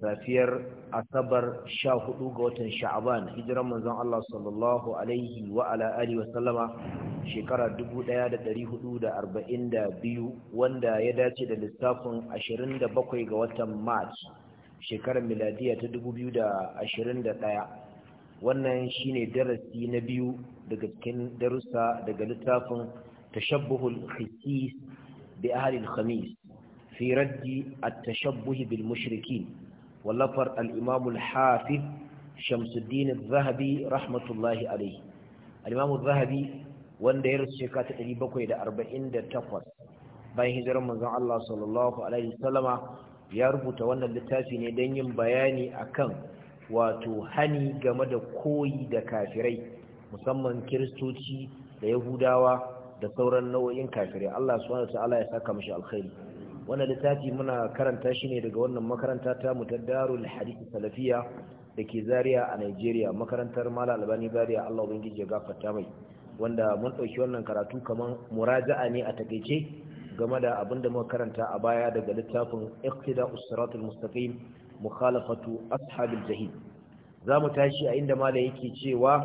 safiyar asabar sha hudu ga watan sha'aban hijiran manzon Allah sallallahu alaihi wa ala alihi wasallama shekara 1442 wanda ya dace da lissafin 27 ga watan march shekarar miladiya ta 2021 wannan shine darasi na biyu daga cikin darussa daga littafin tashabbuhul khisis bi ahli al-khamis fi raddi at-tashabbuh bil mushrikin wallafar al-imam al-hafiz Shamsuddin al-Zahabi rahmatullahi alayhi al-imam al-Zahabi wanda ya rasu shekara ta 748 bayan hijirar manzon Allah sallallahu alaihi wasallama ya rubuta wannan littafi ne dan yin bayani akan wato hani game da koyi da kafirai musamman kiristoci da yahudawa da sauran nau'in kafirai Allah subhanahu wa ta'ala ya saka mishi alkhairi wannan littafi muna karanta shi ne daga wannan makaranta ta mutaddarul hadith salafiya da ke Zaria a Nigeria makarantar Mala Albani Zaria Allah ubangiji ya gafarta mai wanda mun dauki wannan karatu kaman muraja'a ne a takeice game da abinda muka karanta a baya daga littafin Iqtida'us Siratul Mustaqim Mukhalafatu Ashabil Jahil zamu tashi a inda mala yake cewa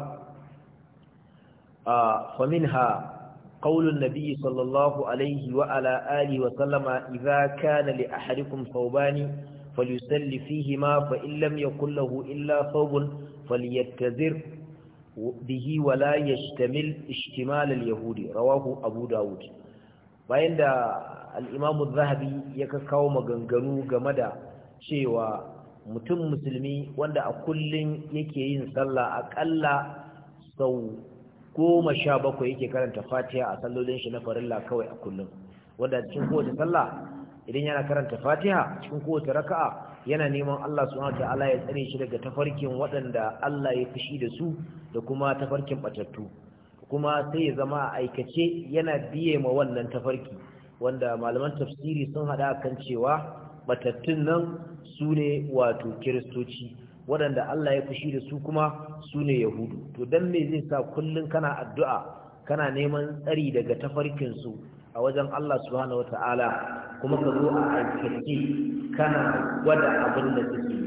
a faminha قول النبي صلى الله عليه وعلى آله وسلم إذا كان لأحدكم ثوبان فليسل فيهما فإن لم يكن له إلا ثوب فليتذر به ولا يشتمل اشتمال اليهود رواه أبو داود وعند الإمام الذهبي يكاكاو مغنغنو غمدا شيوا متم مسلمي وعند أكل يكيين صلى أكلا سو goma sha bakwai yake karanta fatiha a sallolin shi na farilla kawai a kullum wanda cikin kowace sallah idan yana karanta fatiha cikin kowace raka'a yana neman Allah subhanahu ta'ala ya tsare shi daga tafarkin waɗanda Allah ya fushi da su da kuma tafarkin batattu kuma sai ya zama a aikace yana biye ma wannan tafarki wanda malaman tafsiri sun hada kan cewa batattun nan su ne wato kiristoci waɗanda Allah ya fushi da su kuma su ne yahudu to dan me zai sa kullum kana addu'a kana neman tsari daga tafarkin su a wajen Allah subhanahu wata'ala kuma ka zo a aikace kana gwada abin da suke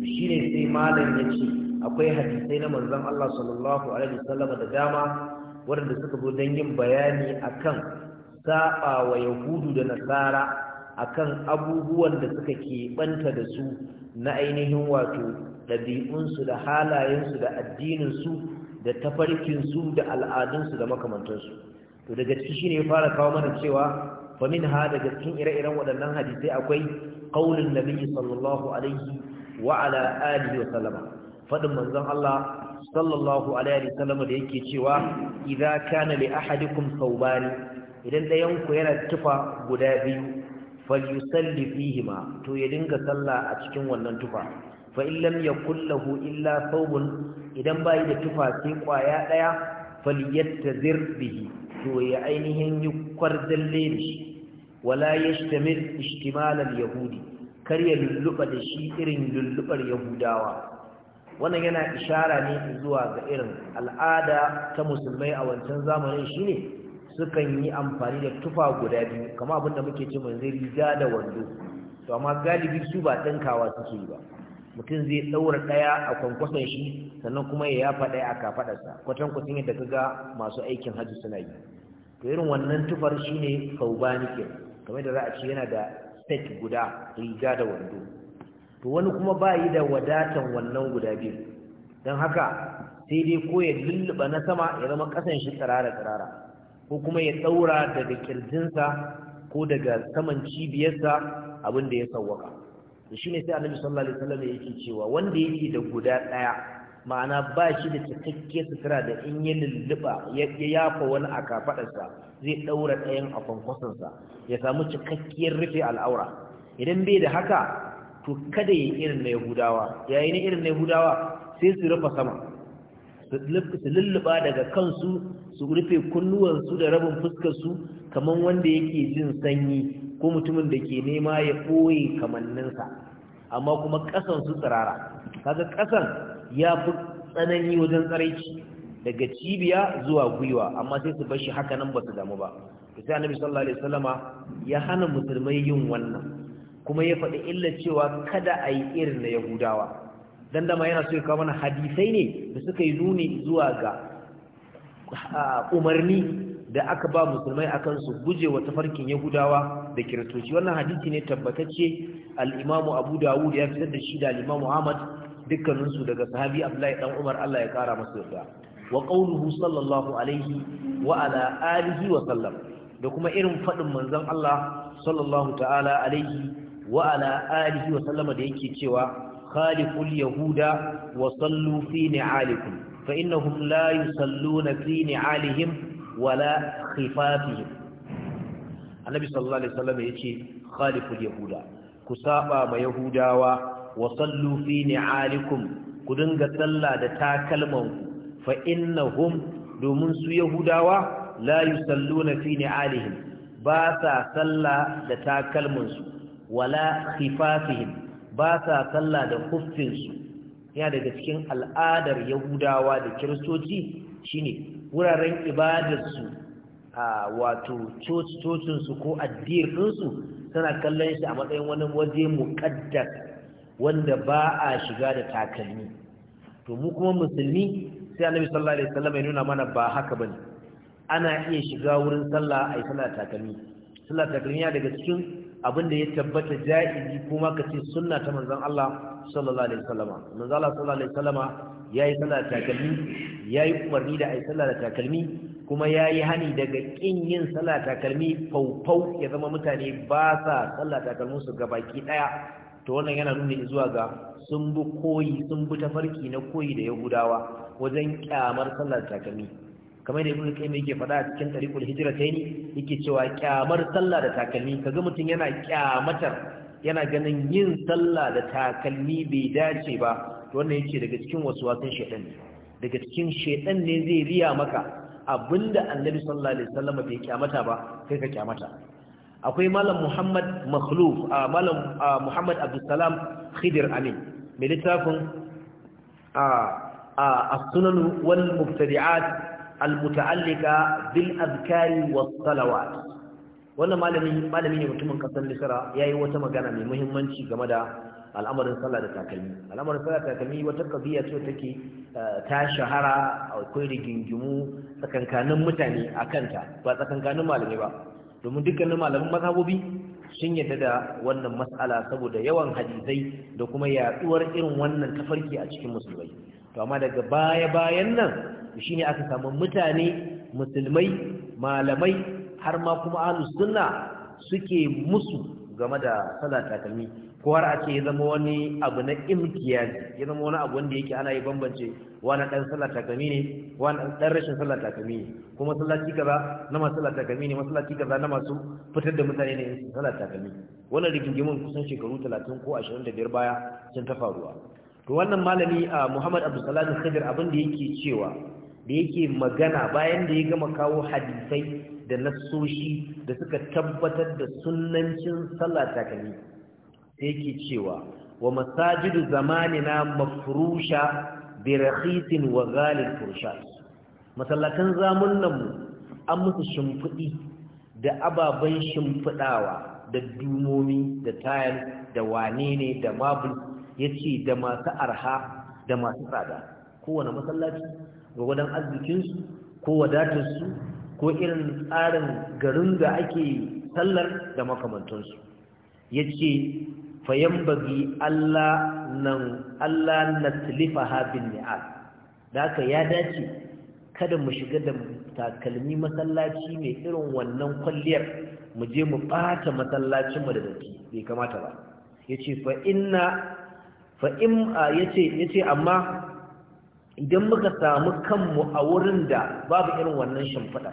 to shine sai malam ya ce akwai hadisai na manzon Allah sallallahu alaihi Wasallama da dama waɗanda suka zo don yin bayani akan saɓa wa yahudu da nasara akan abubuwan da suka keɓanta da su na ainihin wato ɗabi'unsu da halayensu da addininsu da tafarkinsu da al'adunsu da makamantansu to daga ciki shine ya fara kawo mana cewa famin ha daga cikin ire-iren waɗannan hadisai akwai qaulun nabi sallallahu alaihi wa ala alihi wa sallama manzon Allah sallallahu alaihi wa sallama da yake cewa idza kana li ahadikum thawbani idan ɗayan ku yana tufa guda biyu falyusalli ma, to ya dinga sallah a cikin wannan tufa fa in lam yakul lahu illa thawbun idan bai da tufa sai kwaya daya falyattazir bihi to ya ainihin yi kwardalle da shi wala yashtamil ishtimalal yahudi kar ya lulluba da shi irin lullubar yahudawa wannan yana ishara ne zuwa ga irin al'ada ta musulmai a wancan zamanin shine sukan yi amfani da tufa guda biyu kama abin da muke ce zai riga da wando to amma galibi su ba ɗinkawa suke yi ba mutum zai ɗaura ɗaya a kwankwason shi sannan kuma ya yafa ɗaya a kafaɗarsa kwatan kwatan yadda ka ga masu aikin hajji suna yi to irin wannan tufar shi ne saubani nike, kamar da za a ce yana da set guda riga da wando to wani kuma ba yi da wadatan wannan guda biyu don haka sai dai ko ya lulluɓa na sama ya zama ƙasan shi tsirara tsirara ko kuma ya ɗaura daga kirjinsa ko daga saman cibiyarsa abin da ya sauwaka da shi ne sai annabi sallallahu alaihi wasallam yake cewa wanda yake da guda ɗaya ma'ana ba shi da cikakkiyar sutura da in ya lulluɓa ya yafa wani a kafaɗarsa zai ɗaura ɗayan a kwankwasonsa ya samu cikakkiyar rufe al'aura idan bai da haka to kada yi irin na yahudawa yayin irin na yahudawa sai su rufe sama su lulluɓa daga kansu su rufe kunnuwansu da rabin fuskarsu kamar wanda yake jin sanyi ko mutumin da ke nema ya ɓoye kamanninsa amma kuma ƙasansu tsirara kaga ƙasan ya fi tsanani wajen tsaraici daga cibiya zuwa gwiwa amma sai su bashi haka nan ba su damu ba sai annabi sallallahu alaihi wasallama ya hana musulmai yin wannan kuma ya faɗi illa cewa kada a yi irin na yahudawa dan dama yana so ya kawo mana hadisai ne da suka yi nuni zuwa ga umarni da aka ba musulmai akan su guje wa tafarkin yahudawa da kiristoci wannan hadisi ne tabbatacce al al'imamu abu dawud ya fitar da shi da al ahmad dukkaninsu daga sahabi abdullahi dan umar Allah ya kara masa yarda wa qawluhu sallallahu alaihi wa ala alihi wa sallam da kuma irin fadin manzon Allah sallallahu ta'ala alaihi wa ala alihi wa sallama da yake cewa khaliqul yahuda wa sallu fi ni'alikum فإنهم لا يصلون في نعالهم ولا خفافهم النبي صلى الله عليه وسلم يقول خالف اليهود كسابا ما يهودا وصلوا في نعالكم كدنغ صلى دتا كلمه فإنهم domin su yahudawa la yusalluna fi ni'alihim ba sa salla da takalmansu wala khifafihim ba sa salla da kuffinsu ya daga cikin al'adar yahudawa da kiristoci shine wuraren ibadarsu a wato cocinsu ko addirinsu suna kallon shi a matsayin wani waje muƙaddar wanda ba a shiga da takalmi to mu kuma musulmi sai annabi sallallahu alaihi wasallam ya nuna mana ba haka bane ana iya shiga wurin sallah ai sallah takalmi sallah takalmi ya daga cikin Abin da ya tabbata ja'izi kuma ka ce suna ta manzan Allah sallallahu alaihi wasallama manzan Allah sallallahu alaihi wasallama yayi sallah da takalmi ya yi umarni da yi sallar da takalmi kuma ya yi hani daga ƙin yin sallar takalmi faufau ya zama mutane ba sa sallar takalmin su baki ɗaya, to wannan yana nuna zuwa ga sun bi koyi sun bi tafarki na koyi da Yahudawa wajen ƙyamar sallar takalmi kamar da ibnu qayyim yake faɗa a cikin tariqul hijratayn yake cewa kyamar sallah da takalmi kaga mutum yana kyamatar yana ganin yin sallah da takalmi bai dace ba wannan yake daga cikin waswasan shaytan daga cikin shaytan ne zai riya maka abinda annabi sallallahu alaihi wasallam bai kyamata ba kai ka kyamata akwai malam muhammad makhluf malam muhammad abdussalam khidir amin mai littafin a as-sunan wal mubtadi'at almuta'allika bil azkari was salawat wannan malami malami ne mutumin kasar ya yayi wata magana mai muhimmanci game da al'amarin sallah da takalmi al'amarin sallah da takalmi wata kabiya ce take eh, ta shahara akwai rigingimu tsakankanin mutane a kanta ba tsakankanin malamai ba domin dukkanin malaman mazhabobi sun yadda da wannan mas'ala saboda yawan hadisai da kuma yaduwar irin wannan tafarki a cikin musulmai to amma daga baya-bayan nan shine aka samu mutane musulmai malamai har ma kuma ahlus sunna suke musu game da sallah takalmi ko har a ce ya zama wani abu na imtiyazi ya zama wani abu wanda yake ana yi bambance wani dan sallah takalmi ne wani dan rashin sallah takalmi ne kuma masallaci kaza na masu sallah takalmi ne masallaci kaza na masu fitar da mutane ne sallah takalmi wannan rigingimin kusan shekaru 30 ko 25 baya sun ta faruwa to wannan malami a Muhammad Abdulsalam Khidir abin da yake cewa da yake magana bayan da ya gama kawo hadisai da nassoshi da suka tabbatar da sunnancin sallah takalmi sai yake cewa wa masajidu zamanina mafrusha bi rakhisin wa ghalil furshat masallatan zamunnan mu an musu shimfidi da ababan shimfiɗawa da dumomi da tayar da wane ne da mabul Ya ce da masu arha da masu tsada kowane masallaci ga wadan arzikinsu ko wadatarsu ko irin tsarin garin da ake sallar da makamantansu ya ce fayan bagi Allah na tilifa haɓin ni'ar da aka ya dace kada mu shiga da takalmi masallaci mai irin wannan kwalliyar mu je mu ɓata masallacinmu da datti bai kamata ba ya ce fa ina fa in yace yace amma idan muka samu kanmu a wurin da babu irin wannan shimfiɗa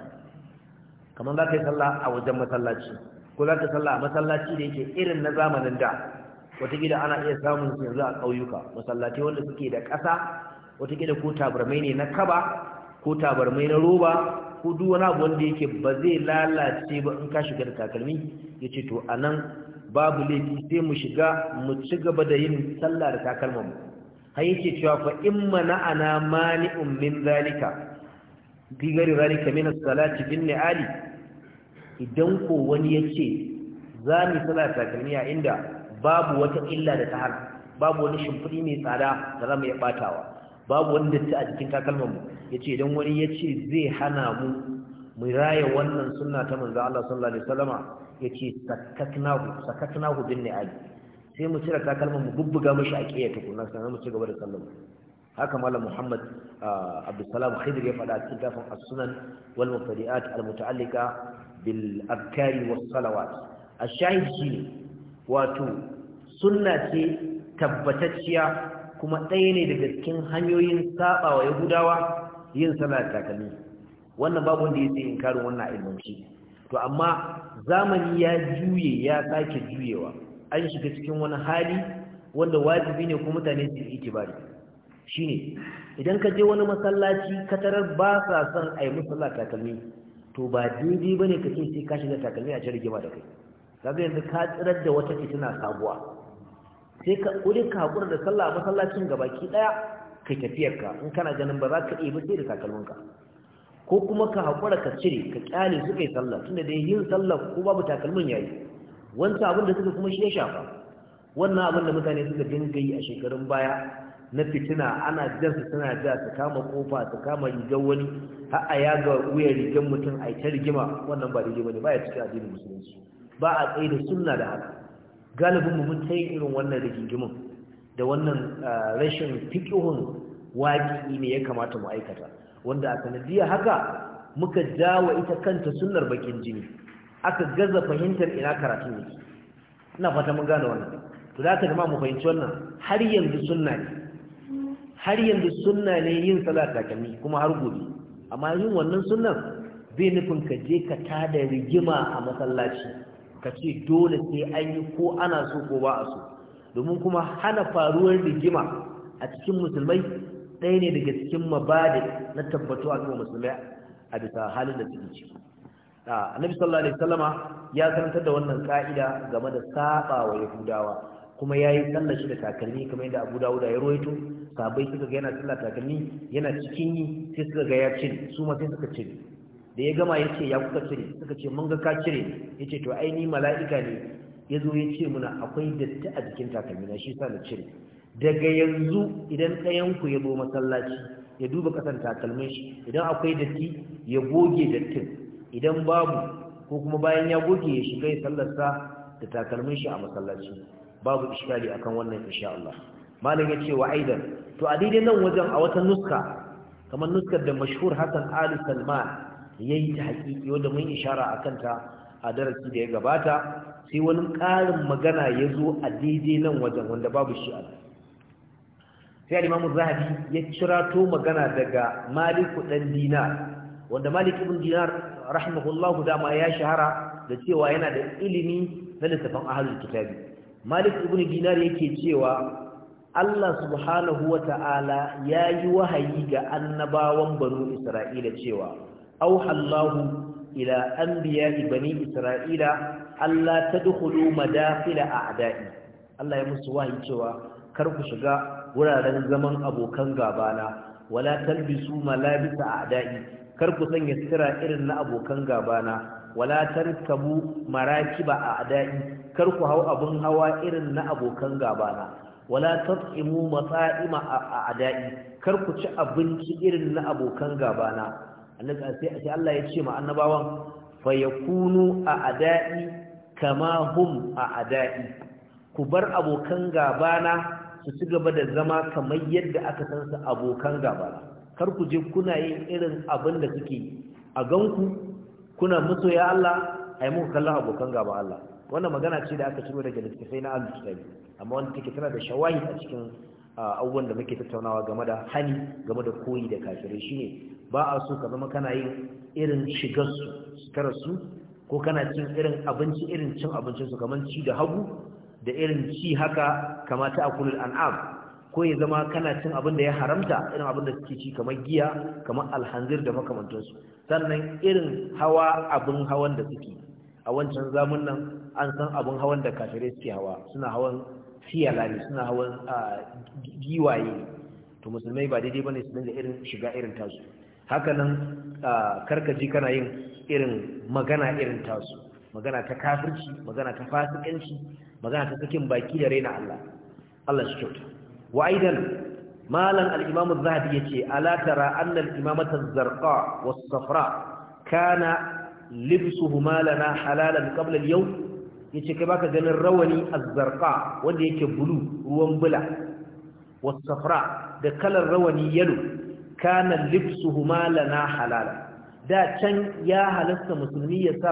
kamar za ka yi sallah a wajen masallaci ko za ka sallah a masallaci da yake irin na zamanin da watakila ana iya samun su yanzu a ƙauyuka masallaci wanda suke da ƙasa watakila ko tabarmai ne na kaba ko tabarmai na roba ko duk wani abu wanda yake ba zai lalace ba in ka shiga da takalmi ya ce to a nan babu laifi sai mu shiga mu ci gaba da yin sallah da takalmanmu har yake cewa fa in ana mani ummin zalika bi gari zalika min as-salati bin ni'ali idan ko wani yace za mu sala takalmi a inda babu wata illa da ta babu wani shimfidi mai tsada da za mu iya batawa babu wani datti a jikin takalmanmu yace idan wani yace zai hana mu mu raya wannan sunna ta manzo Allah sallallahu alaihi wasallama yace sakaknahu sakaknahu bin ni'al sai mu cire takalman mu bubbuga mishi a kiyar tukunna sannan mu ci gaba da sallar haka malam Muhammad ah, Abdulsalam Khidir ya faɗa cikin kafin as-sunan wal mubtadi'at al-muta'alliqa bil adkari was salawat ash shi wato sunna ce tabbatacciya kuma ɗaya ne daga cikin hanyoyin saba wa yahudawa yin da takalmi wannan babu wanda ya sai inkarin wannan ilmanci to amma zamani ya juye ya sake juyewa an shiga cikin wani hali wanda wajibi ne ko mutane su yi itibari shine idan ka je wani masallaci ka tarar ba sa son a yi musalla takalmi to ba daidai ba ne ka ce sai ka shiga takalmi a cikin ba da kai kaga yanzu ka tsirar da wata fitina sabuwa sai ka ƙuri ka haƙura da sallah a masallacin gabaki ɗaya ka tafiyarka in kana ganin ba za ka ɗebi sai da takalminka ko kuma ka haƙura ka cire ka ƙyale suka yi sallah tunda da yin sallah ko babu takalmin ya yi wancan abin da suka kuma shi ya shafa wannan abin da mutane suka dinga yi a shekarun baya na fitina ana jan su suna ja su kama kofa su kama rigar wani har a ga wuyar rigar mutum a ta rigima wannan ba daidai ne, ba ya cikin addinin musulunci ba a tsaye da sunna da haka galibin mu mun tayi irin wannan rigingimin da wannan ah, rashin fikihun waƙi ne ya kamata mu aikata wanda a sanadiyar haka muka jawo ita kanta sunnar bakin jini aka gaza fahimtar ina karatu ne ina fata mun gane wannan to za ta ma mu fahimci wannan har yanzu sunna ne har yanzu sunna ne yin salat takalmi kuma har gobe amma yin wannan sunnan zai nufin ka je ka tada rigima a masallaci ka ce dole sai an yi ko ana so ko ba a so domin kuma hana faruwar rigima a cikin musulmai ɗaya ne daga cikin mabadi na tabbatu a musulmai a bisa halin da suke ciki annabi sallallahu alaihi wasallama ya karantar da wannan ka'ida game da saba wa yahudawa kuma yayi sallar shi da takalmi kamar yadda Abu Dawud ya rawaito sabai suka ga yana sallah takalmi yana cikin yi sai suka ga ya cire su ma sai suka cire da ya gama yace ya kuka cire suka ce mun ga ka cire yace to ai ni mala'ika ne yazo ya ce muna akwai datti a jikin takalmi na shi sa na cire daga yanzu idan ɗayanku ya zo masallaci ya duba ƙasan takalmin shi idan akwai datti ya goge dattin idan babu ko kuma bayan ya goge ya shiga ya sallarsa da takalmin shi a masallaci babu iskali akan wannan insha Allah malam yace wa aidan to a daidai nan wajen a wata nuska kamar nuskar da mashhur Hassan Ali Salman yayi ta hakiki wanda mun ishara akan ta a darasi da ya gabata sai wani karin magana ya zo a daidai nan wajen wanda babu shi Allah sai al zahabi ya cirato magana daga malik dan dinar wanda malik ibn dinar rahimahullahu dama ya shahara da cewa yana da ilimi na littafin ahlul kitabi malik ibn dinar yake cewa Allah subhanahu wa ta'ala ya yi wahayi ga annabawan banu Isra'ila cewa, Auhallahu ila an biya bani Isra'ila, Allah ta dukulu madafila a adai. Allah ya musu wahayi cewa, kar ku shiga wuraren zaman abokan gabana wala talbisu malabisa a'da'i kar ku sanya sira irin na abokan gabana wala tarkabu marakiba a a'da'i kar ku hau abun hawa irin na abokan gabana wala tat'imu a a'da'i kar ku ci abinci irin na abokan gabana annabi sai Allah ya ce ma annabawan fayakunu a'da'i kama hum a a'da'i ku bar abokan gabana su ci gaba da zama kamar yadda aka san su abokan gaba kar ku je kuna yin irin abin da suke a ganku kuna musu ya Allah ai muku kallon abokan gaba Allah wannan magana ce da aka ciro daga littattafai na al qurani amma wannan take tana da shawahi a cikin abubuwan da muke tattaunawa game da hani game da koyi da kafirai shine ba a so ka zama kana yin irin shigar su su ko kana cin irin abinci irin cin abincin su kamar ci da hagu da irin ci haka kamata a kulul an'am ko ya zama kana cin abin da ya haramta irin abin da suke ci kamar giya kamar alhanzir da makamantansu sannan irin hawa abin hawan da suke a wancan zamun nan an san abin hawan da kafirai suke hawa suna hawan fiyala ne suna hawan giwaye to musulmai ba daidai bane su dinga irin shiga irin tasu haka nan karkaji kana yin irin magana irin tasu magana ta kafirci magana ta fasikanci magana ta sakin baki da raina Allah Allah shi kyauta wa aidan malan al-imam az-zahabi yace ala tara anna al-imamata az-zarqa was-safra kana libsuhuma halala, halalan qabla al-yawm yace kai baka ganin rawani az-zarqa wanda yake bulu ruwan bula was-safra da kalar rawani yalo kana libsuhuma lana halala, da can ya halasta musulmi ya sa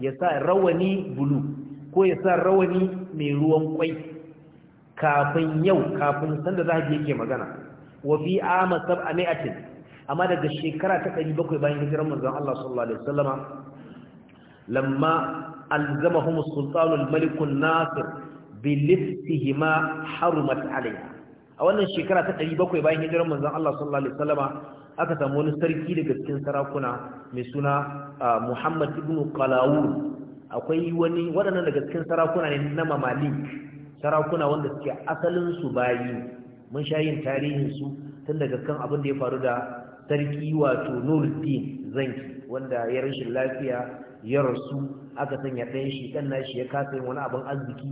ya sa rawani bulu ko ya sa rawani mai ruwan kwai kafin yau kafin sanda za a zahabi yake magana wa fi ama sab'a mi'atin amma daga shekara ta ɗari bakwai bayan hijirar manzon Allah sallallahu alaihi wasallama lamma alzamahum as-sultanu al-malik an-nasir bi lifsihima harumat alayha a wannan shekara ta ɗari bakwai bayan hijirar manzon Allah sallallahu alaihi wasallama aka samu wani sarki daga cikin sarakuna mai suna ah, Muhammad ibn Qalawun akwai wani waɗannan daga cikin sarakuna ne na mamalik sarakuna wanda suke asalin su bayi mun sha yin tarihin su tun daga kan abin da ya faru da sarki wato Nuruddin Zanki wanda ya rashin lafiya ya rasu aka sanya ɗan shi ɗan nashi ya kasa yin wani abin arziki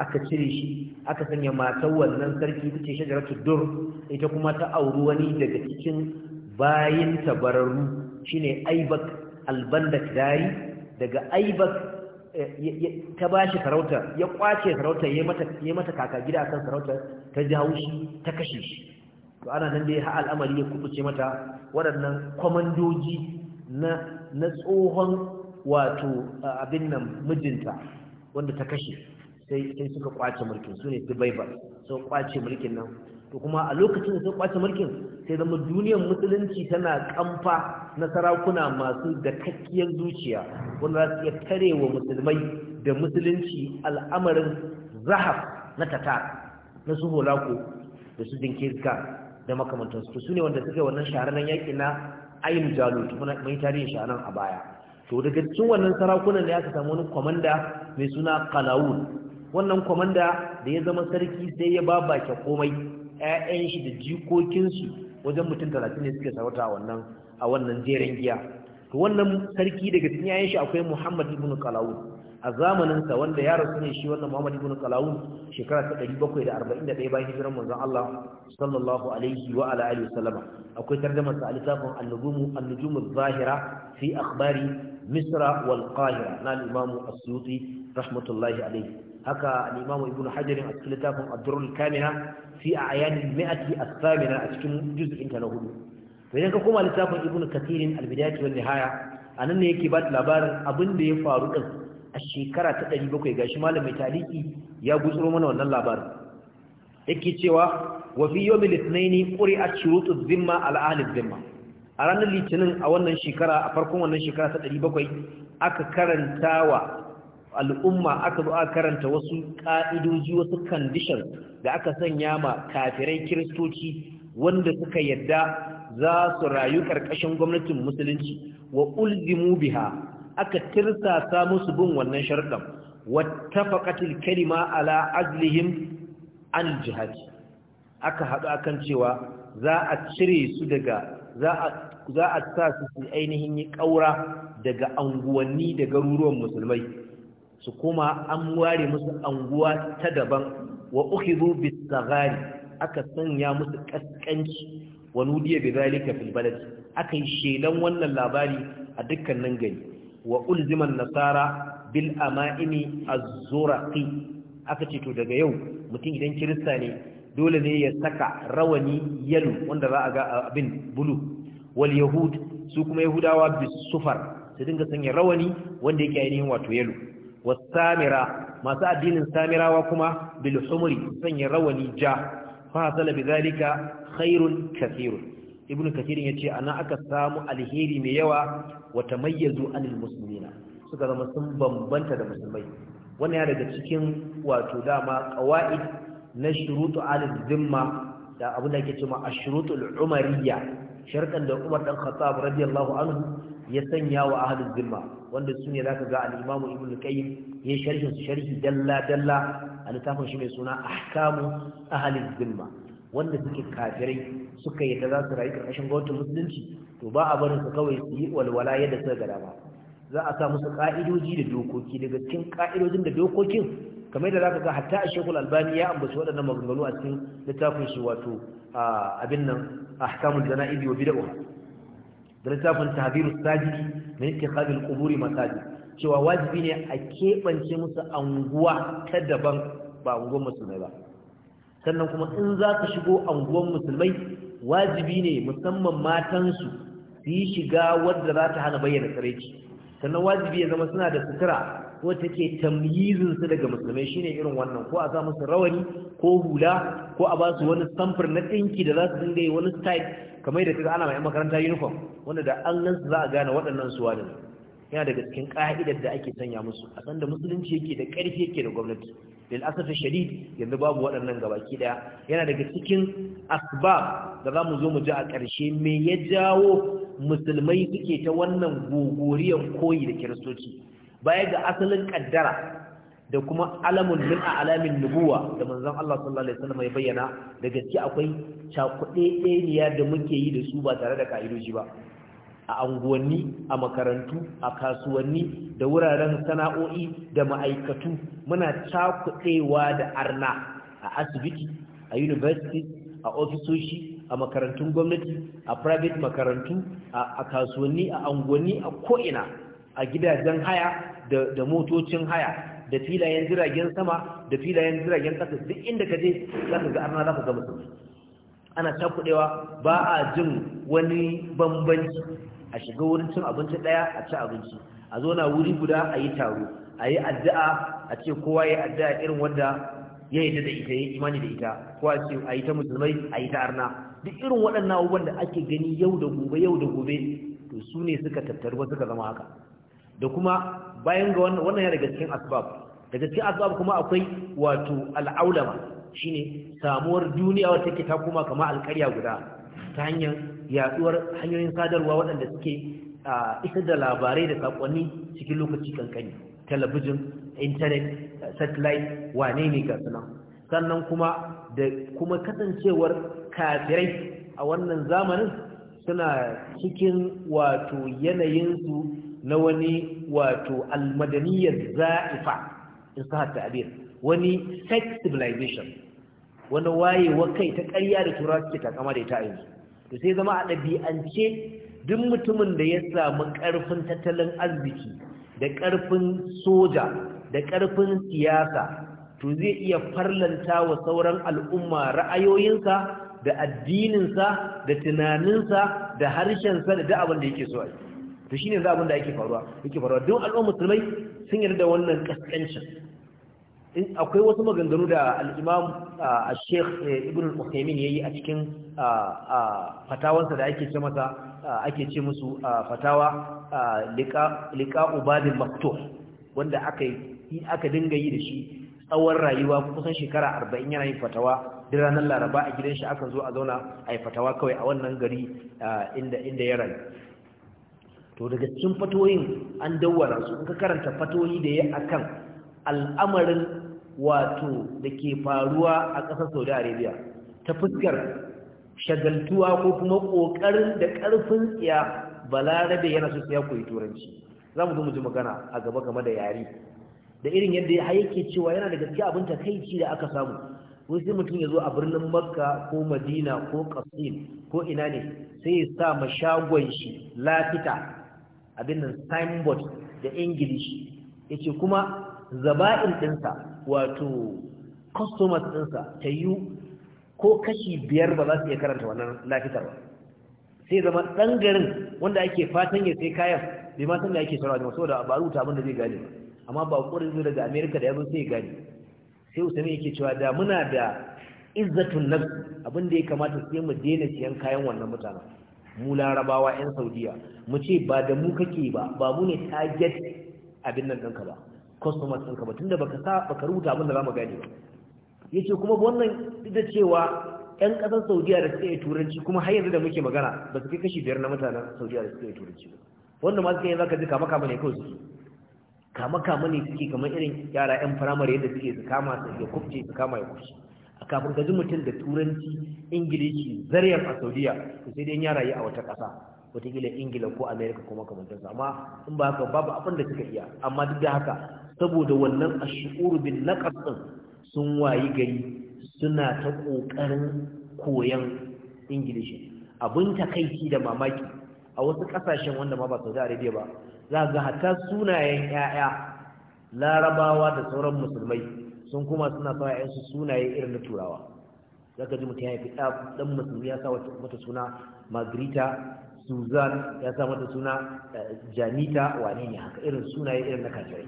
aka cire shi aka sanya matar wannan sarki ta ce shajaratu tuddur ita kuma ta auri wani daga cikin bayin tabararru shine Aibak Albandak Dari daga aibar eh, ta ba shi sarauta ya kwace sarauta ya yi mata kaka gida a kan sarauta ta ji haushi ta kashe shi to ana nan ya ha al'amari ya kubuce mata waɗannan kwamandoji na tsohon wato abin nan mijinta wanda ta kashe sai suka kwace mulkin su ne su kwace mulkin nan to kuma a lokacin da sun kwace mulkin sai zama duniyar musulunci tana kamfa na sarakuna masu da kakkiyar zuciya wanda za su iya tare wa musulmai da musulunci al'amarin zahab na tata na su holako da su dinkirka da makamantansu to su ne wanda suka yi wannan shahararren yaƙi na ayin jalo mai tarihin shahararren a baya to daga cikin wannan sarakunan ne aka samu wani kwamanda mai suna kalawun wannan kwamanda da ya zama sarki sai ya babake komai ƴaƴan shi da jikokinsu wajen mutum talatin ne suke sarauta a wannan a wannan jeren giya to wannan sarki daga cikin ƴaƴan shi akwai Muhammad ibn Qalawun a zamanin sa wanda ya rasu ne shi wannan Muhammad ibn Qalawun shekara ta 741 bayan hijiran manzon Allah sallallahu alaihi wa ala alihi wasallama akwai tarjumar sa al-kitabun an-nujum an-nujum fi akhbari misra wal qahira na al-imam as-suyuti rahmatullahi alaihi haka al-imamu ibnu a cikin littafin ad kamina fi a'yan al-mi'ati as-samina a cikin juz'in ta na hudu to idan ka koma littafin ibnu kathirin al-bidayah wal nihaya anan ne yake ba labarin abin da ya faru din a shekara ta 700 gashi mai taliki ya gutsuro mana wannan labarin yake cewa wa fi yawmi al-ithnaini quri'at Zimma adh ala ahli a ranar litinin a wannan shekara a farkon wannan shekara ta 700 aka karanta wa al'umma aka zo a karanta wasu ƙa'idoji wasu kandishan da aka sanya ma kafirai kiristoci wanda suka yadda za su rayu ƙarƙashin gwamnatin musulunci wa ulzimu biha aka tirsasa musu bin wannan sharɗan wattafaqatil kalima ala azlihim an jihad aka haɗu akan cewa za a cire su daga za a za a sa su ainihin yi ƙaura daga anguwanni da garuruwan musulmai su kuma an ware musu anguwa ta daban wa ukhidhu bis aka sanya musu kaskanci wa nudiya bi zalika fil balad aka yi shelan wannan labari a dukkanin gari wa ulzima nasara bil ama'imi az-zuraqi aka ce to daga yau mutum idan kirista ne dole ne ya saka rawani yalo wanda za a ga abin bulu wal yahud su kuma yahudawa bis sufar su dinga sanya rawani wanda yake ainihin wato yalo samira masu addinin samirawa kuma bil sanya rawani ja fa hasala bidhalika khairun kathirun ibnu ce a nan aka samu alheri mai yawa wata tamayyazu anil muslimina suka zama sun bambanta da musulmai wannan daga cikin wato dama qawaid na shurutu alil zimma da abin da ake cewa ashrutul umariyya sharqan da Umar ɗan Khattab radiyallahu ya sanya wa ahlul zimma wanda su ne za ka ga al'imamu ibn qayyim ya sharhin sharhi dalla dalla a littafin shi mai suna ahkamu ahalin zimma wanda suke kafirai suka yadda za su rayu karkashin gwamnatin musulunci to ba a barin su kawai su yi walwala yadda suka ga dama za a sa musu ka'idoji da dokoki daga cikin ka'idojin da dokokin kamar yadda ka ga hatta a shekul albani ya ambaci waɗannan maganganu a cikin littafin shi wato abin nan ahkamul jana'ibi wa bid'ah da littafin tahbirus sajid min ittikhadil quburi masajid cewa wajibi ne a keɓance musu anguwa ta daban ba anguwan musulmai ba sannan kuma in za su shigo anguwan musulmai wajibi ne musamman matansu su yi shiga wadda za ta hana bayyana tsiraici sannan wajibi ya zama suna da sutura ko ke tamyizinsu daga musulmai shine irin wannan ko a sa musu rawani ko hula ko a ba su wani samfur na ɗinki da za su dinga yi wani style kamar da kaga ana mai makaranta uniform wanda da an nan za a gane waɗannan suwa ne yana daga cikin ka'idar da ake sanya musu a san da musulunci yake da ƙarfi yake da gwamnati lil asafi shadid yanzu babu waɗannan gabaki daya yana daga cikin asbab da za mu zo mu ji a ƙarshe me ya jawo musulmai suke ta wannan gogoriyar koyi da kiristoci baya ga asalin ƙaddara. da kuma alamun min alamin nubuwa da manzon Allah sallallahu alaihi wasallam ya bayyana da gaske akwai cakuɗe da muke yi da su ba tare da ka'idoji ba a anguwanni a makarantu a kasuwanni da wuraren sana'o'i da ma'aikatu muna cakuɗewa da arna a asibiti a university a ofisoshi a makarantun gwamnati a private makarantu a kasuwanni a anguwanni a ko'ina a gidajen haya da motocin haya da filayen jiragen sama da filayen jiragen ƙasa duk inda ka je za ka ga arna za ka ga musulmi ana cakudewa ba a jin wani bambanci a shiga wurin cin abinci daya a ci abinci a zo na wuri guda a yi taro a yi addu'a a ce kowa ya addu'a irin wanda ya yi da ita ya imani da ita kowa ce a yi ta musulmai a yi ta arna duk irin waɗannan abubuwan da ake gani yau da gobe yau da gobe to su ne suka tattaru ba suka zama haka da kuma bayan ga wannan ya daga cikin asbab daga cikin asbab kuma akwai wato al'aulama shine samuwar duniya wacce take ta kuma kamar alƙarya guda ta hanyar yaduwar hanyoyin sadarwa waɗanda suke a isar da labarai da sakonni cikin lokaci kankani talabijin intanet satellite wane ne ga sunan sannan kuma da kuma kasancewar kafirai a wannan zamanin suna cikin wato yanayinsu na wani wato almadaniyar za'ifa in sa hatta wani sex civilization wani wayewa kai ta ƙarya da tura suke takama da ita yanzu to sai zama a ɗabi'ance duk mutumin da ya samu ƙarfin tattalin arziki da ƙarfin soja da ƙarfin siyasa to zai iya farlanta wa sauran al'umma ra'ayoyinsa da addininsa da tunaninsa da harshensa da duk abin da yake so a yi to shine yanzu abin da yake faruwa yake faruwa don al'ummar musulmai sun yarda da wannan kaskancin in akwai wasu maganganu da al a Sheikh eh, Ibn al-Uthaymeen yayi a cikin fatawansa da ake ce masa ake ce musu fatawa liqa badil maktuh wanda aka yi aka dinga yi da shi tsawon rayuwa kusan shekara 40 yana yin fatawa duk ranar Laraba a gidan shi akan zo a zauna a fatawa kawai a wannan gari inda inda ya rayu to daga cikin fatoyin an dawwara su in ka karanta fatoyi da ya akan al'amarin wato da ke faruwa a ƙasar saudi arabia ta fuskar shagaltuwa ko kuma ƙoƙarin da ƙarfin tsiya balarabe yana so ya koyi turanci za mu zo mu ji magana a gaba game da yare da irin yadda ya yake cewa yana da gaske abin ta takaici da aka samu wai sai mutum ya zo a birnin makka ko madina ko kasim ko ina ne sai ya sa ma shagon shi lafita abin nan signboard da english yace kuma zaba'in ɗinsa wato customers ɗinsa ta yi ko kashi biyar ba za su iya karanta wannan lafitar ba sai zama ɗan garin wanda ake fatan ya sai kayan bai ma san da ake sarawa masu saboda ba rubuta abin da zai gane amma ba ƙorin daga amerika da yazo sai ya gane sai usami yake cewa da muna da izzatun nafsi abin da ya kamata sai mu daina siyan kayan wannan mutanen mu larabawa 'yan saudiya mu ce ba da mu kake ba ba mu ne target abin nan ɗanka ba customers ɗanka ba tunda baka sa baka rubuta abin da za mu gane ba yace kuma wannan da cewa 'yan ƙasar saudiya da suka turanci kuma har yanzu da muke magana ba su kai kashi biyar na mutanen saudiya da suka yi turanci ba Wannan ma suka yi ka ji kama kama ne kawai suke kama kama ne suke kamar irin yara 'yan firamare yadda suke su kama su ya kubce su kama ya kubce kafin ka ji mutum da turanci ingilishi zariyar a saudiya to sai dai ya rayu a wata ƙasa wataƙila ingila ko amerika kuma su. amma in ba haka babu abin da suka iya amma duk da haka saboda wannan a shi'uru bin naqas sun wayi gari suna ta ƙoƙarin koyan ingilishi abin takaici da mamaki a wasu ƙasashen wanda ma ba saudi arabia ba za ga hatta sunayen 'ya'ya larabawa da sauran musulmai sun kuma suna sa ƴaƴansu sunaye irin na turawa zaka ji mutum ya fi ɗan musulmi ya sa mata suna margarita suzan ya sa mata suna eh, janita wane ne haka irin sunaye irin na kafirai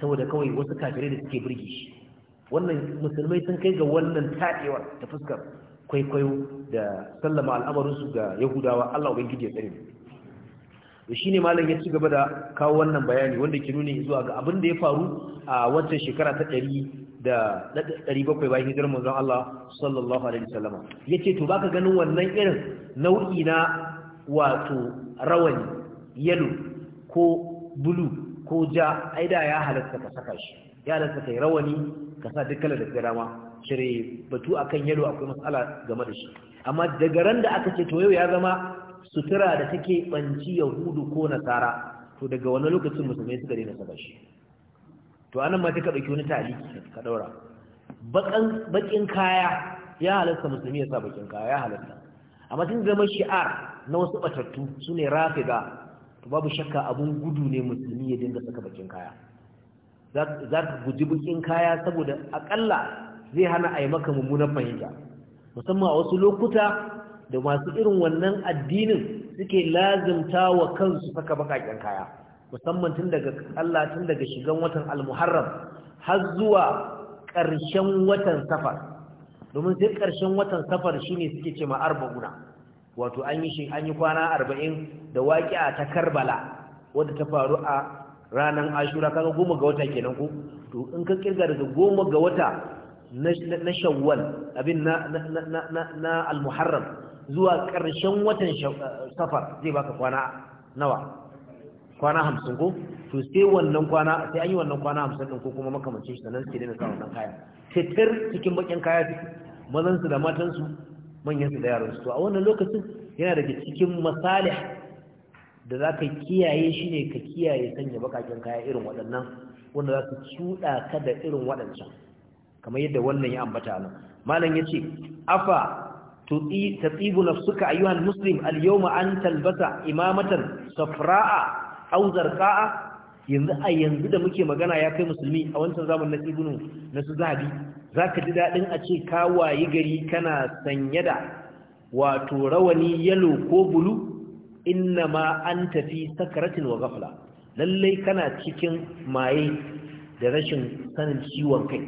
saboda kawai wasu kafirai da suke burge shi wannan musulmai sun kai ga wannan taɗewa ta fuskar kwaikwayo da sallama al'amarinsu ga yahudawa allah ubangiji ya tsare shi ne malam ya ci gaba da kawo wannan bayani wanda ke nuni zuwa ga abin da ya faru a wancan shekara ta ɗari da ɗari bakwai bayan hijirar manzon Allah sallallahu alaihi wasallam yace to baka ganin wannan irin nau'i na wato rawani yalo ko bulu ko ja da ya halatta ka saka shi ya halatta kai rawani ka sa duk kalar da ka rama batu akan yalo akwai matsala game da shi amma daga ran da aka ce to yau ya zama sutura da take ɓanci yahudu ko nasara to daga wani lokacin musulmai suka daina saka shi to anan ma sai ka dauki wani taliki ka daura bakan bakin kaya ya halatta musulmi ya sa bakin kaya ya halatta amma tun zama shi'ar na wasu batattu su ne rafida to babu shakka abun gudu ne musulmi ya dinga saka bakin kaya za ka guji bakin kaya saboda akalla zai hana a maka mummunan fahimta musamman a wasu lokuta da masu irin wannan addinin suke lazimta wa kansu saka bakaƙen kaya musamman tun daga Allah tun daga shigan watan al-muharram har zuwa ƙarshen watan safar domin sai ƙarshen watan safar shine suke ce ma wato an yi shi an kwana arba'in da waƙe ta karbala wadda ta faru a ranar ashura kaga goma ga wata kenan ku to in ka kirga daga goma ga wata na shawwal abin na al-muharram zuwa ƙarshen watan safar zai baka kwana nawa kwana hamsin ko to sai wannan kwana sai an yi wannan kwana hamsin ɗin ko kuma makamancin shi sannan suke daina sa wannan kaya Tattar cikin bakin kaya mazan su da matan su manyan su da yaran su to a wannan lokacin yana daga cikin masalih da za ka kiyaye shi ne ka kiyaye sanya bakakin kaya irin waɗannan wanda za su cuɗa ka da irin waɗancan kamar yadda wannan ya ambata nan malam ya ce afa tatsibu nafsuka ayyuhan muslim al-yawma an talbasa imamatan safra'a auzar ka'a yanzu a yanzu da muke magana ya kai musulmi a wancan zaman na tsibinu na su zabi. za ka ji daɗin a ce ka wayi gari kana sanye da wato rawani yalo ko bulu inna ma an tafi sakaratin wa gafla lallai kana cikin maye da rashin sanin ciwon kai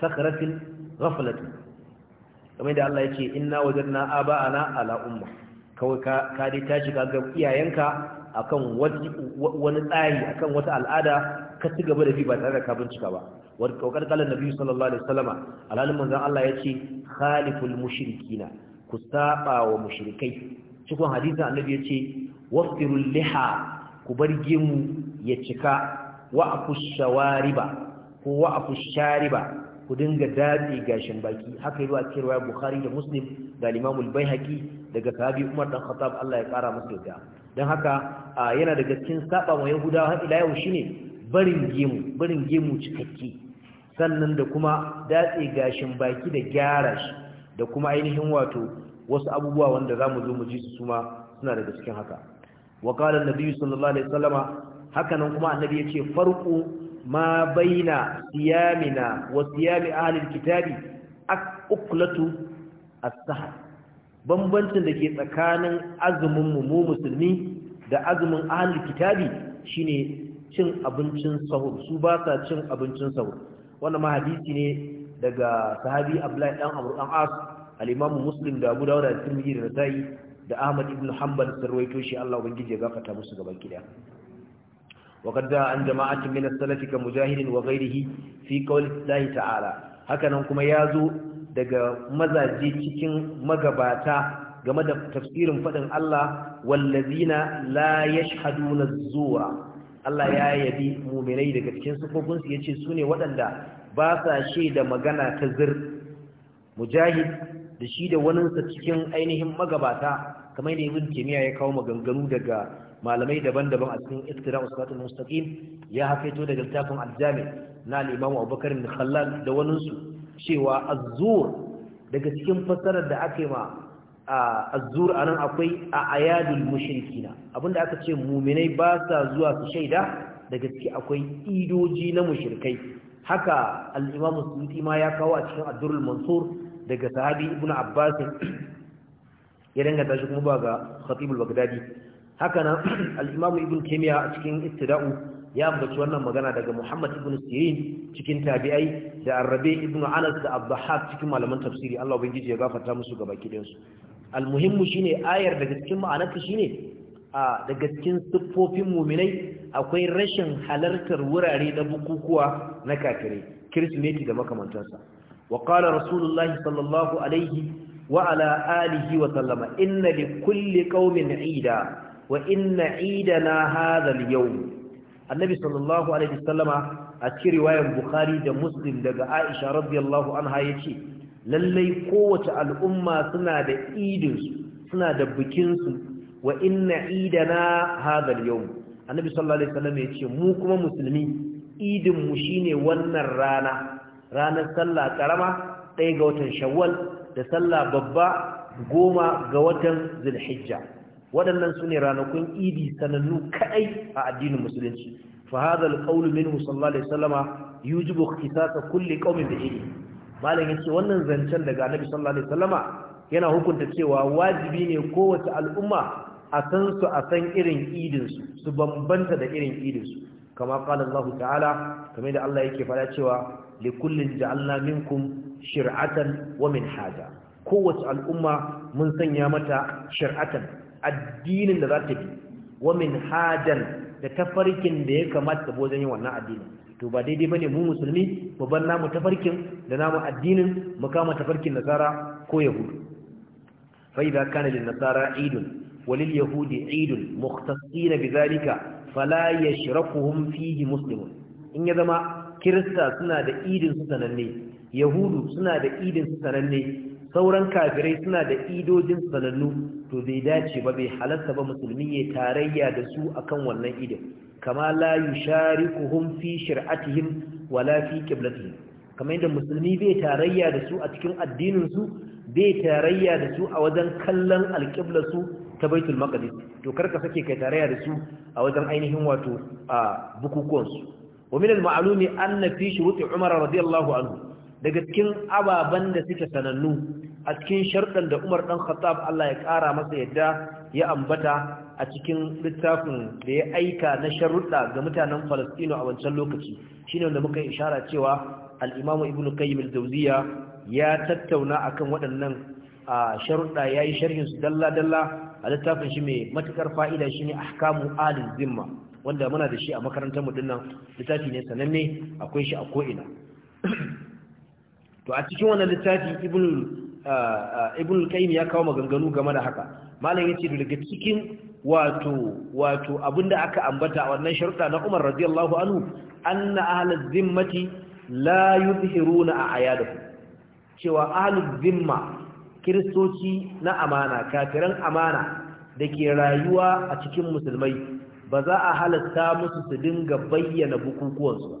sakaratin gaflatin kamar da Allah ya ce inna wajen na aba'ana ala umma kawai ka dai tashi ka ga iyayenka akan wani tsari akan wata al'ada ka ci gaba da bi ba tare da ka bincika ba wa kokar kalan nabi sallallahu alaihi wasallama alhalin manzon Allah ce, khaliful mushrikina ku saɓa wa mushrikai cikin hadisin annabi ce, waftirul liha ku bar gemu ya cika wa akush ko wa ku dinga datse gashin baki haka yi a cewa Bukhari da Muslim da Limamul al-Baihaqi daga sahabi Umar dan Khattab Allah ya kara masa yarda don haka yana da cikin saba wa yahudawa har ila yau shine barin gemu barin gemu cikakke sannan da kuma datse gashin baki da gyara shi da kuma ainihin wato wasu abubuwa wanda zamu zo mu ji su suma suna daga cikin haka wa qala an-nabi sallallahu alaihi wasallama haka nan kuma annabi yace farqu ma baina siyamina wa siyami ahli al-kitabi akulatu as-sahar bambancin da ke tsakanin azumin mu mu musulmi da azumin ahlul kitabi shine cin abincin sahur su ba sa cin abincin sahur wannan ma hadisi ne daga sahabi Abdullahi dan abu dan As al imamu Muslim da Abu Dawud da Tirmidhi da Nasa'i da Ahmad ibn Hanbal sarwaito shi Allah ubangiji ya gafarta musu gaban gida min as عن ka mujahidin wa كمجاهد fi qawli قول ta'ala, haka nan kuma yazo daga mazaje cikin magabata game da tafsirin faɗin Allah wallazina la yashhaduna zuwa Allah ya yabi muminai daga cikin sufofinsu ya ce su ne waɗanda ba sa shaida magana ta zir mujahid da shi da waninsa cikin ainihin magabata kamar da ibn kimiyya ya kawo maganganu daga malamai daban-daban a cikin iktida'u siratul mustaqim ya hafeto daga littafin aljami na al-imam Abubakar bin Khallal da waninsu cewa azzur daga cikin fassarar da aka yi ma azzur nan akwai a ayadul mushrikina abinda aka ce muminai ba sa zuwa su shaida daga ciki akwai idoji na mushrikai haka al imam suyuti ma ya kawo a cikin addurul mansur daga sahabi ibn abbas ya danga tashi kuma ba ga khatibul bagdadi haka nan al imam ibn kimiya a cikin ittida'u ya ambaci wannan magana daga Muhammad ibn Sirin cikin tabi'ai da Arabi ibn Anas da Abdahab cikin malaman tafsiri Allah ubangiji ya gafarta musu gaba kidansu su almuhimmu shine ayar daga cikin ma'anarta shine a daga cikin siffofin mu'minai akwai rashin halartar wurare da bukukuwa na kafirai kirsimeti da makamantansa wa qala rasulullahi sallallahu alaihi wa ala alihi wa sallama inna kulli qaumin 'ida wa inna 'idana hadha al-yawm annabi sallallahu alaihi wasallama a cikin riwayar bukhari da muslim daga aisha radiyallahu anha yace lallai kowace al'umma suna da idinsu suna da bikinsu wa inna idana hadal yau annabi sallallahu alaihi wasallam yace mu kuma musulmi idin mu shine wannan rana ranar sallah karama ɗaya ga watan shawwal da sallah babba goma ga watan zulhijja waɗannan su ne ranakun idi sanannu kaɗai a addinin musulunci fa hadha alqawlu minhu sallallahu alaihi wasallama yujibu ikhtisasa kulli qaumin da iri malam yace wannan zancen daga annabi sallallahu alaihi yana hukunta cewa wajibi ne kowace al'umma a san su a san irin idin su su bambanta da irin idin su kama qala Allah ta'ala kamar da Allah yake fara cewa li kullin ja'alna minkum shir'atan wa haja. kowace al'umma mun sanya mata shir'atan addinin da za ta bi wa min hajan da tafarkin da ya kamata wajen yin wannan addinin to ba daidai bane mu musulmi mu bar namu tafarkin da namu addinin mu kama tafarkin nasara ko yahudu fa idza kana lin nasara idun walil yahudi idun mukhtasina bidhalika fala yashrakuhum fihi muslimun in ya zama kirista suna da idin su sananne yahudu suna da idin su sananne sauran kafirai suna da idojin sanannu to bai dace ba bai halatta ba musulmi ya tarayya da su akan wannan ido. kama la yusharikuhum fi shir'atihim wala fi qiblatihim kamar yadda musulmi bai tarayya da su a cikin addinin su bai tarayya da su a wajen kallon alƙiblar su ta baitul maqdis to karka sake kai tarayya da su a wajen ainihin wato a bukukuwan su wa min al-ma'lumi anna fi shuruti umar radiyallahu anhu daga cikin ababen da suke sanannu a cikin sharɗan da Umar ɗan Khattab Allah ya ƙara masa yadda ya ambata a cikin littafin da ya aika na sharuɗa ga mutanen Falastino a wancan lokaci shine wanda muka ishara cewa al Ibn Qayyim al ya tattauna akan waɗannan sharuɗa yi sharhin su dalla-dalla a littafin shi mai matukar fa'ida shine ahkamu alin zimma wanda muna da shi a makarantar mu dinnan littafi ne sananne akwai shi a ko'ina to a cikin wannan littafi uh, uh, ibn al-qayyim ya kawo maganganu game da haka malam yace daga cikin wato wato abinda aka ambata a wannan sharuda na Umar radiyallahu anhu anna ahli zimmati la yuzhiruna a'yadahum cewa ahli zimma kristoci na amana kafiran amana da ke rayuwa a cikin musulmai ba za a halatta musu su dinga bayyana bukukuwansu ba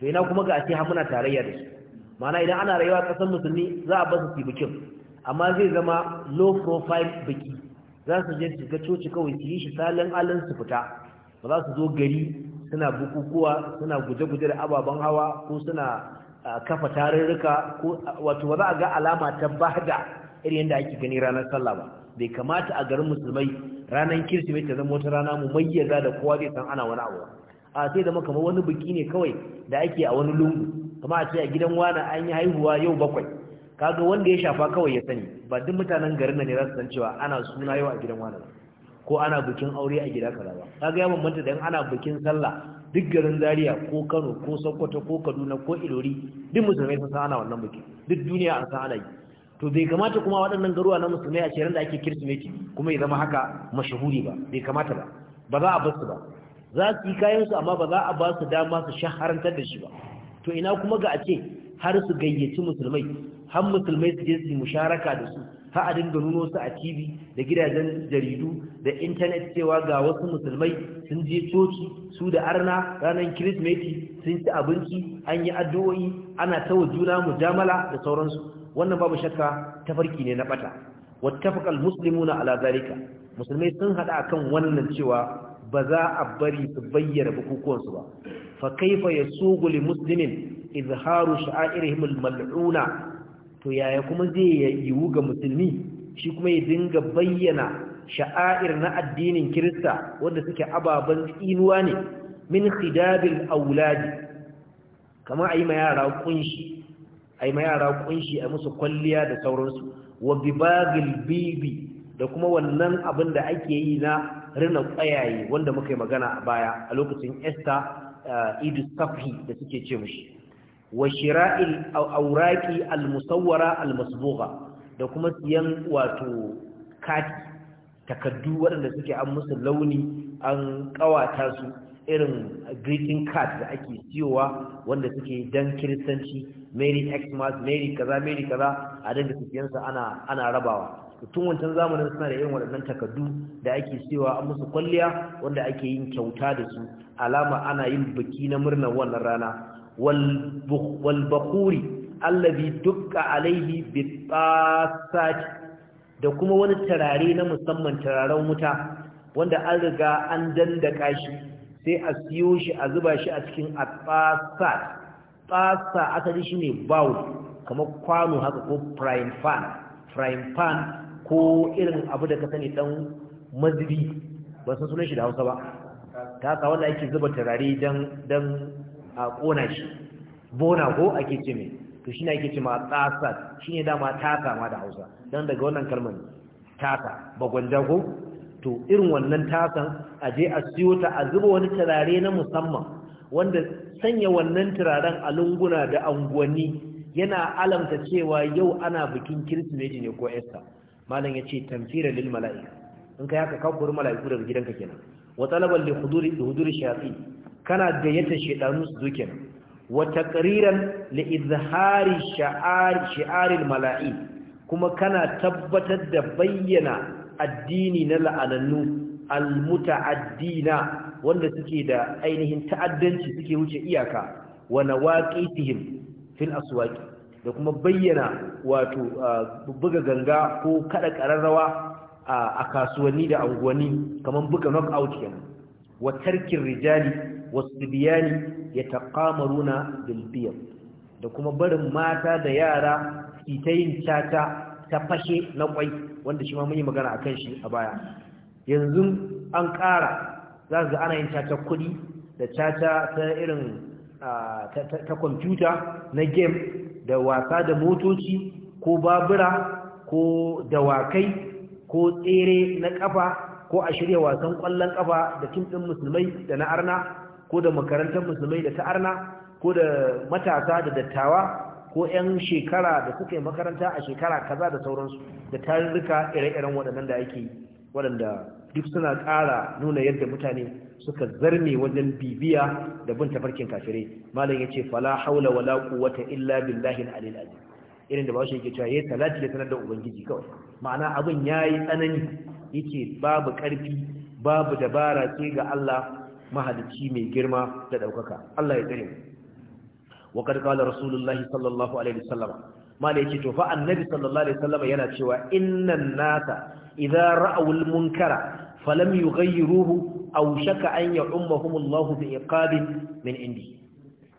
to ina kuma ga har muna tarayya da su mana idan ana rayuwa ƙasar musulmi za a basu fi bikin amma zai zama low profile biki za su je su ga coci kawai su yi shi salin alin su fita ba za su zo gari suna bukukuwa suna guje-guje da ababen hawa ko suna kafa tarurruka ko wato ba za a ga alama ta da irin yadda ake gani ranar sallah ba bai kamata a garin musulmai ranar kirsimeti ta zama wata rana mu mayyaza da kowa zai san ana wani abu a sai da maka wani biki ne kawai da ake a wani lungu kama a ce a gidan wani an yi haihuwa yau bakwai kaga wanda ya shafa kawai ya sani ba duk mutanen garin nan ne za su san cewa ana suna yau a gidan wani ba ko ana bikin aure a gida kaza ba kaga ya bambanta da ana bikin sallah duk garin Zaria ko Kano ko Sokoto ko Kaduna ko Ilori duk musulmai sun san ana wannan bikin duk duniya an san ana yi to bai kamata kuma waɗannan garuwa na musulmai a ran da ake kirsimeti kuma ya zama haka mashahuri ba bai kamata ba ba za a bar su ba za su yi kayan su amma ba za a ba su dama su shaharantar da shi ba to ina kuma ga a ce har su gayyaci musulmai har musulmai su je su musharaka da su har a dinga nuno su a TV da gidajen jaridu da intanet cewa ga wasu musulmai sun je coci su da arna ranar kirismeti sun ci abinci an yi addu'o'i ana ta wa juna mujamala da sauransu wannan babu shakka tafarki ne na bata wattafaqal muslimuna ala zalika musulmai sun hada akan wannan cewa ba za a bari su bayyana bukukuwansu ba fa kaifa suguli musulmin muslimin izharu sha'airihim al to yaya kuma zai yiwu ga musulmi shi kuma ya dinga bayyana sha'air na addinin Kirista wanda suke ababen inuwa ne min khidabil auladi kama ayi ma ma yara kunshi a musu kwalliya da sauransu wa bibagil bibi da kuma wannan abin da ake yi na rina kwayaye wanda muka yi magana a baya a lokacin Esther idu safi da suke ce mashi wa shira'il auraki al-musawwara da kuma siyan wato kati takaddu waɗanda suke an musu launi an ƙawata su irin greeting card da ake siyowa wanda suke dan kiristanci mary xmas mary kaza mary kaza a dinga siyansa ana ana rabawa tun wancan zamanin suna da irin waɗannan takardu da ake cewa an musu kwalliya wanda ake yin kyauta da su alama ana yin biki na murnar wannan rana wal bakuri allabi dukka alaihi bi da kuma wani tarare na musamman tararen wuta wanda an riga an dandaka shi sai a siyo shi a zuba shi a cikin atsasat tsasa asali ne bowl kamar kwano haka ko frying pan frying pan ko irin abu da ka sani dan mazibi ba san sunan shi da Hausa ba ta ka wanda ake zuba turare dan dan a kona shi bona ko ake ce mai to shi ne ake ce ma tsasa shi ne dama taka ma da Hausa dan daga wannan kalmar tasa ba gwanja go, to irin wannan tasan a je a siyo ta a zuba wani turare na musamman wanda sanya wannan turaren a lunguna da anguwanni yana alamta cewa yau ana bikin kirsimeti ne ko esta malam yace tamfira lil mala'ika in kai haka ka kori mala'iku daga gidanka kenan wa talaban li huduri li huduri kana gayyata shedanu su zo kenan wa taqriran li izhari sha'ar shi'aril mala'i kuma kana tabbatar da bayyana addini na la'anannu almuta'addina wanda suke da ainihin ta'addanci suke wuce iyaka wa nawaqitihim fil aswaqi da kuma bayyana wato buga ganga ko kada kararrawa a kasuwanni da anguwanni kamar buga knockout yana. wa tarkin rijali wasbiyani yataqamaruna bil biyar da kuma barin mata da yara yin tata ta fashe na kwai wanda shi ma mun yi magana akan shi a baya yanzu an ƙara za su ana yin tata kuɗi da tata ta irin ta kwamfuta na game da wasa da motoci ko babura ko dawakai ko tsere na kafa ko a shirya wasan kwallon kafa da tim ɗin musulmai da na arna ko da makarantar musulmai da ta arna ko da matasa da dattawa ko 'yan shekara da suka yi makaranta a shekara kaza da sauransu da tarurruka ire-iren waɗannan da ake waɗanda duk suna ƙara nuna yadda mutane suka zarme wajen bibiya da bin tafarkin kafirai malam yace fala haula wala quwwata illa billahi al-alil azim irin da bashi yake cewa yayi salati da sanar da ubangiji kawai ma'ana abin yayi tsanani yake babu ƙarfi babu dabara sai ga Allah mahalicci mai girma da daukaka Allah ya tsare wa kad qala rasulullahi sallallahu alaihi wasallam malam yace to fa annabi sallallahu alaihi wasallam yana cewa innan nasa idza ra'awul munkara falam yughayyiruhu aw shaka an ya'ummahum Allah bi iqabin min indi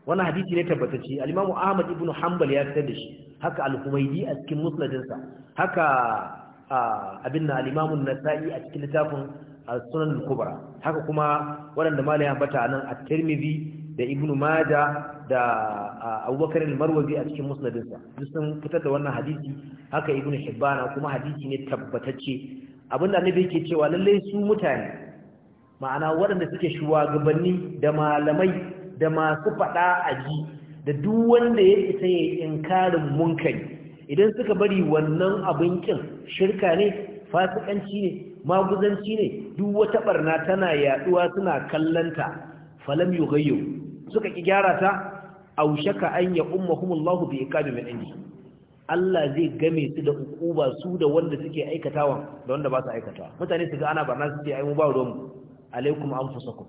wannan hadisi ne tabbatacce al Ahmad ibn Hanbal ya fitar da shi haka al-Humaydi a cikin musnadinsa haka abin al nasai a cikin littafin Sunan al haka kuma waɗanda malai ambata nan a tirmidhi da Ibn maja da Abubakar al-Marwazi a cikin musnadinsa duk sun fitar da wannan hadisi haka Ibn hibbana kuma hadisi ne tabbatacce abin da annabi yake cewa lallai su mutane ma'ana waɗanda suke shugabanni da malamai da masu faɗa a ji da duk wanda ya isa ya inkarin munkari idan suka bari wannan abin kin shirka ne fasikanci ne maguzanci ne duk wata barna tana yaduwa suna kallanta falam yughayyu suka ki gyara ta aushaka an ya ummahumullahu bi iqabi min indi Allah zai game su da ukuba su da wanda suke aikatawa da wanda ba su aikatawa mutane su ga ana barna su ce mu ba ruwan alaikum anfusakum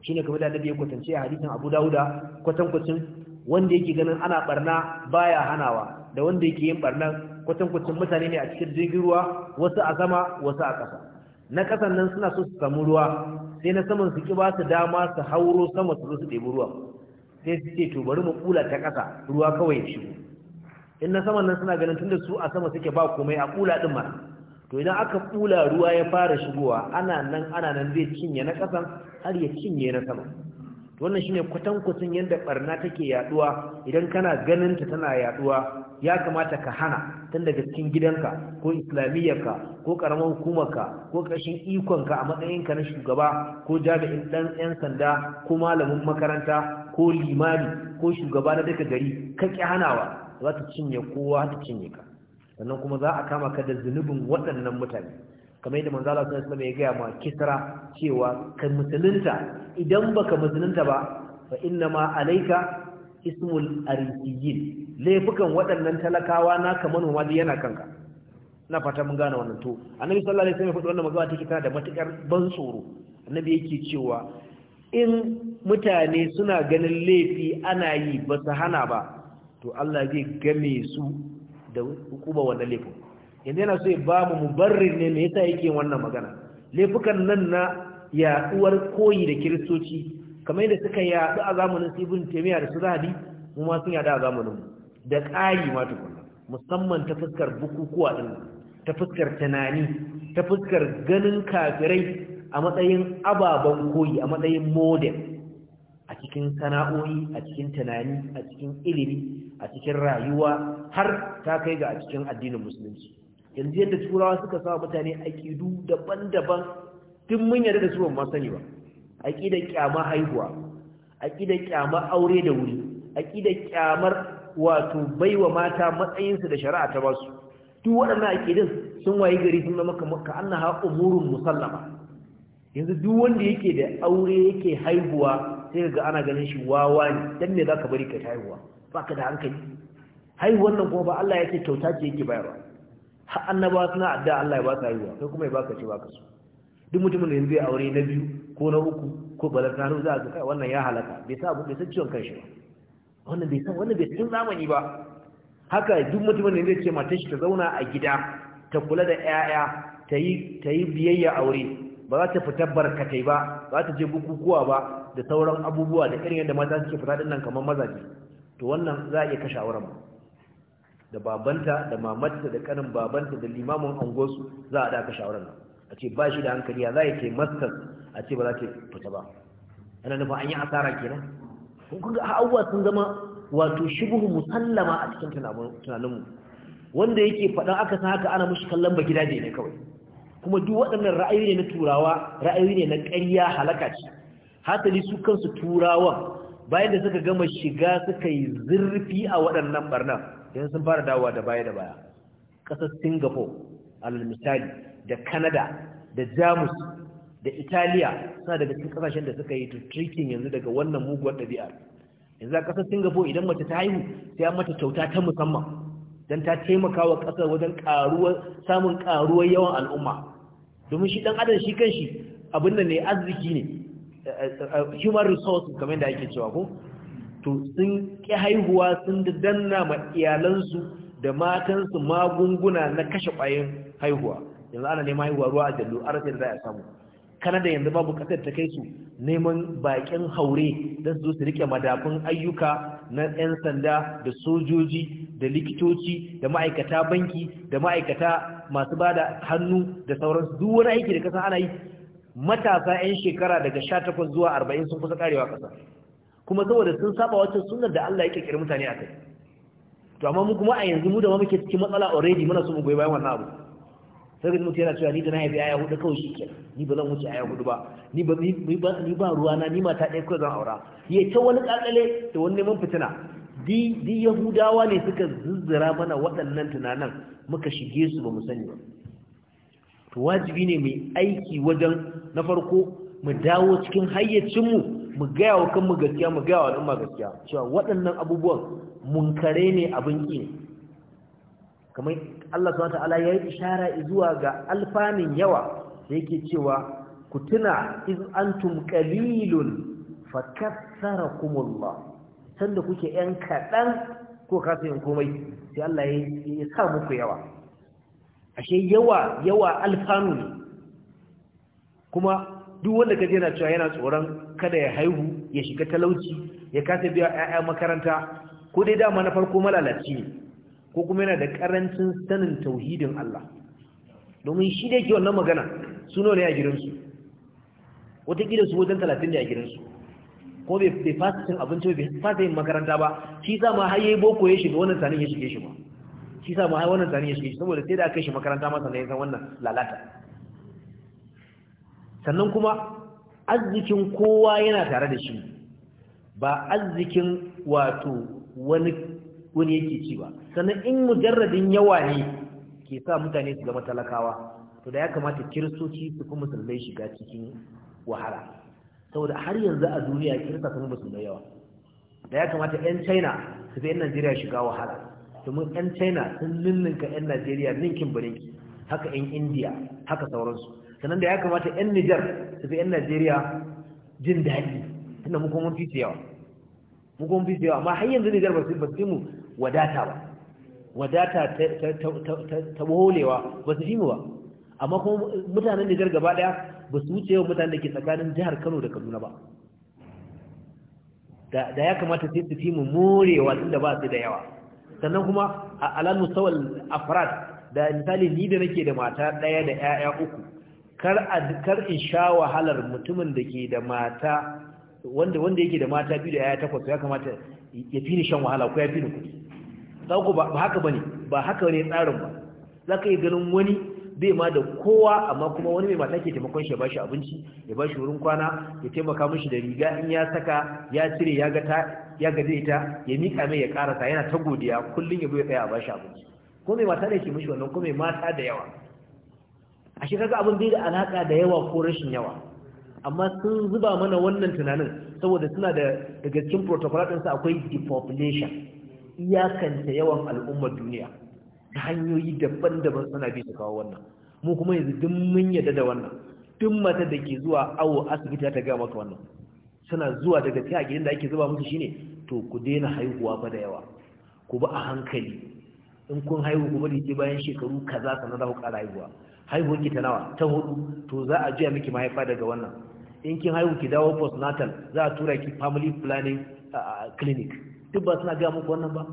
shine kamar da Annabi ya kwatance a hadisin Abu Dawuda kwatankwacin wanda yake ganin ana barna baya hanawa da wanda yake yin barna kwatankwacin mutane ne a cikin jirgin ruwa wasu a sama wasu a ƙasa na ƙasan nan suna so su samu ruwa sai na saman su ki ba su dama su hauro sama su zo su ɗebi ruwa sai su ce to bari mu kula ta ƙasa ruwa kawai ya shigo in na saman nan suna ganin tunda su a sama suke ba komai a kula din ma to idan aka kula ruwa ya fara shigowa ana nan ana nan zai cinye na kasan har ya cinye na sama to wannan shine kwatan kwatan yadda barna take yaduwa idan kana ganin ta tana yaduwa ya kamata ka hana tun daga cikin gidanka ko islamiyyarka ko karamar hukumarka ko ƙarshen ikonka a matsayinka na shugaba ko jami'in ɗan 'yan sanda ko malamin makaranta ko limami ko shugaba na daga gari ka ƙi hanawa za ta cinye kowa ta cinye ka sannan kuma za a kama ka da zunubin waɗannan mutane kamar yadda manzo Allah sallallahu alaihi ya gaya ma kisra cewa ka musulunta idan baka musulunta ba fa inna ma alayka ismul arifiyin laifukan waɗannan talakawa kamar manoma da yana kanka na fata mun gane wannan to annabi sallallahu alaihi wasallam ya faɗi wannan magana take tana da matukar ban tsoro annabi yake cewa in mutane suna ganin laifi ana yi ba su hana ba to Allah zai game su da hukuma wannan laifin yanzu yana so ya ba mu mubarrir ne me yasa yake wannan magana laifukan nan na yaɗuwar koyi da kiristoci kamar yadda suka yaɗu a zamanin sibin Taymiyyah da zahadi mu ma sun yadu a zamanin da ƙari ma tukunna musamman ta fuskar bukukuwa din ta fuskar tunani ta fuskar ganin kafirai a matsayin ababen koyi a matsayin model a cikin sana'o'i a cikin tunani a cikin ilimi a cikin rayuwa har ta kai ga a cikin addinin musulunci yanzu yadda turawa suka sa mutane aƙidu daban-daban tun mun yarda da su ban sani ba aƙidar kyama haihuwa aƙidar kyama aure da wuri aƙidar kyamar wato baiwa mata matsayinsu da shari'a ta basu duk waɗannan aƙidun sun wayi gari sun zama kamar ka annaha umurun musallama yanzu duk wanda yake da aure yake haihuwa sai ga ana ganin shi wawa ne dan me zaka bari ka ta haihuwa baka da hankali haihuwan nan kuma ba Allah ya ce kyauta ce yake bayarwa har annaba suna adda Allah ya ba su haihuwa kai kuma ya baka ce baka so duk mutumin da yanzu ya aure na biyu ko na uku ko balantano za ga kai wannan ya halaka bai sa abu bai san ciwon kanshi ba wannan bai san wannan bai san zamani ba haka duk mutumin da zai ce matar shi ta zauna a gida ta kula da 'ya'ya ta yi biyayya aure ba za ta fita barkatai ba za ta je bukukuwa ba da sauran abubuwa da irin yadda mata suke fita dinnan kamar mazaje to wannan za a iya kashe auren ba da babanta da mamarta da kanin babanta da limamin angosu za a da kashe auren nan a ce ba shi da hankali ya za yi ce masters a ce ba za ta fita ba ana nufin an yi asara kenan kun ga abubuwa sun zama wato shubuhu musallama a cikin tunaninmu wanda yake faɗan aka san haka ana mushi kallon ba gidaje ne kawai kuma duk waɗannan ra'ayoyi ne na turawa ra'ayoyi ne na ƙarya halaka ce hatali su kansu turawan bayan da suka gama shiga suka yi zurfi a waɗannan barnan Idan sun fara dawowa da baya da baya ƙasar singapore alal da canada da jamus da italiya suna daga cikin ƙasashen da suka yi trikin yanzu daga wannan muguwar ɗabi'ar yanzu a ƙasar singapore idan mace ta haihu sai an mata kyauta ta musamman don ta taimaka wa ƙasar wajen samun ƙaruwar yawan al'umma domin shi ɗan adam shi kan abin da ne arziki ne human resources kamar da ake cewa ko to sun ƙi haihuwa sun danna ma iyalansu da matansu magunguna na kashe ƙwayin haihuwa yanzu ana neman haihuwa ruwa a jallu a rashin da ya samu kanada yanzu babu ƙasar ta kai su neman baƙin haure don su su riƙe madafin ayyuka na 'yan sanda da sojoji da likitoci da ma'aikata banki da ma'aikata masu ba da hannu da sauransu duk wani aiki da kasa ana yi matasa 'yan shekara daga 18 zuwa arba'in sun kusa karewa kasa kuma saboda sun saba wacce sunan da Allah ya kirkiri mutane a kai to amma mu kuma a yanzu mu da muke cikin matsala already muna so mu goyi bayan wannan abu sai ga mutum yana cewa ni da na haifi aya hudu kawai shi ke ni ba zan wuce aya hudu ba ni ba ruwa na ni mata ɗaya kawai zan aura ya ta wani kakale da wani neman fitina di di yahudawa ne suka zuzzura mana waɗannan tunanan muka shige su ba mu sani ba to wajibi ne mai aiki wajen na farko mu dawo cikin hayyacinmu mu gaya wa kanmu gaskiya mu gaya wa al'umma gaskiya cewa waɗannan abubuwan munkare ne abin ƙi kamar Allah subhanahu ta'ala yayi ishara zuwa ga alfamin yawa da yake cewa ku tuna iz antum qalilun fakassarakumullah sanda kuke yan kadan ko kafin komai sai Allah ya sa muku yawa ashe yawa yawa alfanu ne kuma duk wanda kaje yana cewa yana tsoron kada ya haihu ya shiga talauci ya kasa biya ƴaƴa makaranta ko dai dama na farko malalaci ne ko kuma yana da karancin sanin tauhidin Allah domin shi da yake wannan magana su ne a gidansu wataƙila su wajen talatin ne a gidansu ko bai fasa cin abinci bai fasa yin makaranta ba shi sa ma har boko ya shiga wannan sanin ya shige shi ba shi sa ma har wannan sanin ya shige shi saboda sai da aka shi makaranta masa ne san wannan lalata sannan kuma arzikin kowa yana tare da shi ba arzikin wato wani wani yake ci ba sannan in mujarradin yawa ne ke sa mutane su zama talakawa to da ya kamata kiristoci su kuma musulmai shiga cikin wahala saboda har yanzu a duniya kirista sun musulmai yawa da ya kamata 'yan china su fi 'yan najeriya shiga wahala domin 'yan china sun ninninka 'yan najeriya ninkin birinki haka 'yan indiya haka sauransu sannan da ya kamata 'yan nijar su fi 'yan najeriya jin daɗi tunda mu kuma mun fi yawa mu kuma mun fi yawa amma har yanzu nijar ba su mu wadata ba wadata ta bolewa ba su fi ba amma kuma mutanen Nijar gaba daya ba su wuce yawan mutanen da ke tsakanin jihar Kano da Kaduna ba da ya kamata sai su fi mu morewa da ba su da yawa sannan kuma a alal musawal afrad da misali ni da nake da mata ɗaya da ƴaƴa uku kar kar in sha wahalar mutumin da ke da mata wanda wanda yake da mata biyu da ƴaƴa takwas ya kamata ya fi ni shan wahala ko ya fi ni kuɗi za ku ba haka bane ba haka ne tsarin ba za ka yi ganin wani bai ma da kowa amma kuma wani mai mata ke taimakon shi ya bashi abinci ya bashi wurin kwana ya taimaka mishi da riga in ya saka ya cire ya ga ta ya ga zai ta ya mika mai ya karasa yana ta godiya kullun ya bai tsaya a bashi abinci ko mai mata da ke mishi wannan ko mai mata da yawa a shi kaga abin bai da alaka da yawa ko rashin yawa amma sun zuba mana wannan tunanin saboda suna da daga cikin protocol su akwai depopulation iyakanta yawan al'ummar duniya da hanyoyi daban-daban suna bi su kawo wannan mu kuma yanzu duk mun yarda da wannan duk mata da ke zuwa awo asibiti ta ga maka wannan suna zuwa daga ta gidan da ake zuba musu shine to ku daina haihuwa fa da yawa ku ba a hankali in kun haihu ku bari ke bayan shekaru kaza sannan za ku ƙara haihuwa haihuwa ki ta nawa ta hudu to za a jiya miki mahaifa daga wannan in kin haihu ki dawo postnatal za a tura ki family planning clinic duk ba suna gaya muku wannan ba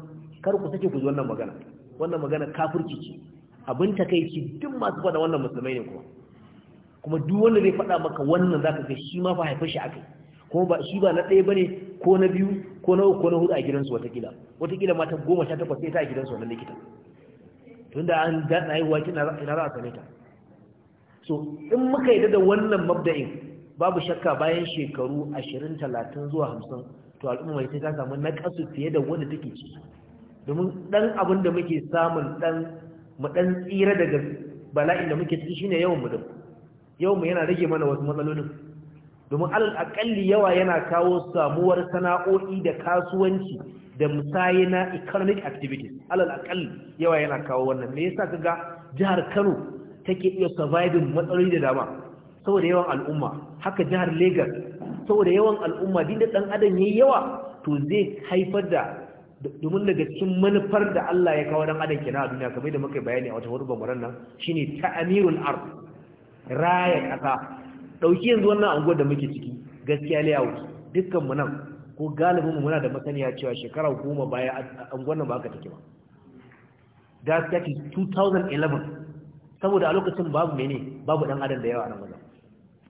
kar ku sake ku ji wannan magana wannan magana kafirci ce abin takeici duk masu fada wannan musulmai ne kuma kuma duk wanda zai faɗa maka wannan zaka ga shi ma fa haifar shi akai kuma ba shi ba na ɗaya bane ko na biyu ko na uku ko na hudu a gidansu watakila watakila mata goma sha takwas sai ta a gidansu wannan likita tunda an daɗa haihuwa kina za a same ta so in muka yi da wannan mabda'in babu shakka bayan shekaru ashirin talatin zuwa hamsin to al'umma sai ta samu nakasu fiye da wanda take ci domin dan abin da muke samun dan mu dan tsira daga bala'in da muke ciki shine yawan mu yawan mu yana rage mana wasu matsaloli domin alal akalli yawa yana kawo samuwar sana'o'i da kasuwanci da musayi na economic activities alal akalli yawa yana kawo wannan me yasa kaga jihar Kano take iya surviving matsaloli da dama saboda yawan al'umma haka jihar Lagos saboda yawan al'umma din da dan adam yayi yawa to zai haifar da domin daga cikin manufar da Allah ya kawo dan adam kenan a duniya kamar da muka bayani a wata hurba muran nan shine ta'amirul ard raya kasa dauki yanzu wannan anguwar da muke ciki gaskiya layout dukkan mu nan ko galibin mu muna da masaniya cewa shekara goma baya anguwar nan ba aka take ba da take 2011 saboda a lokacin babu mene babu dan adam da yawa a nan wajen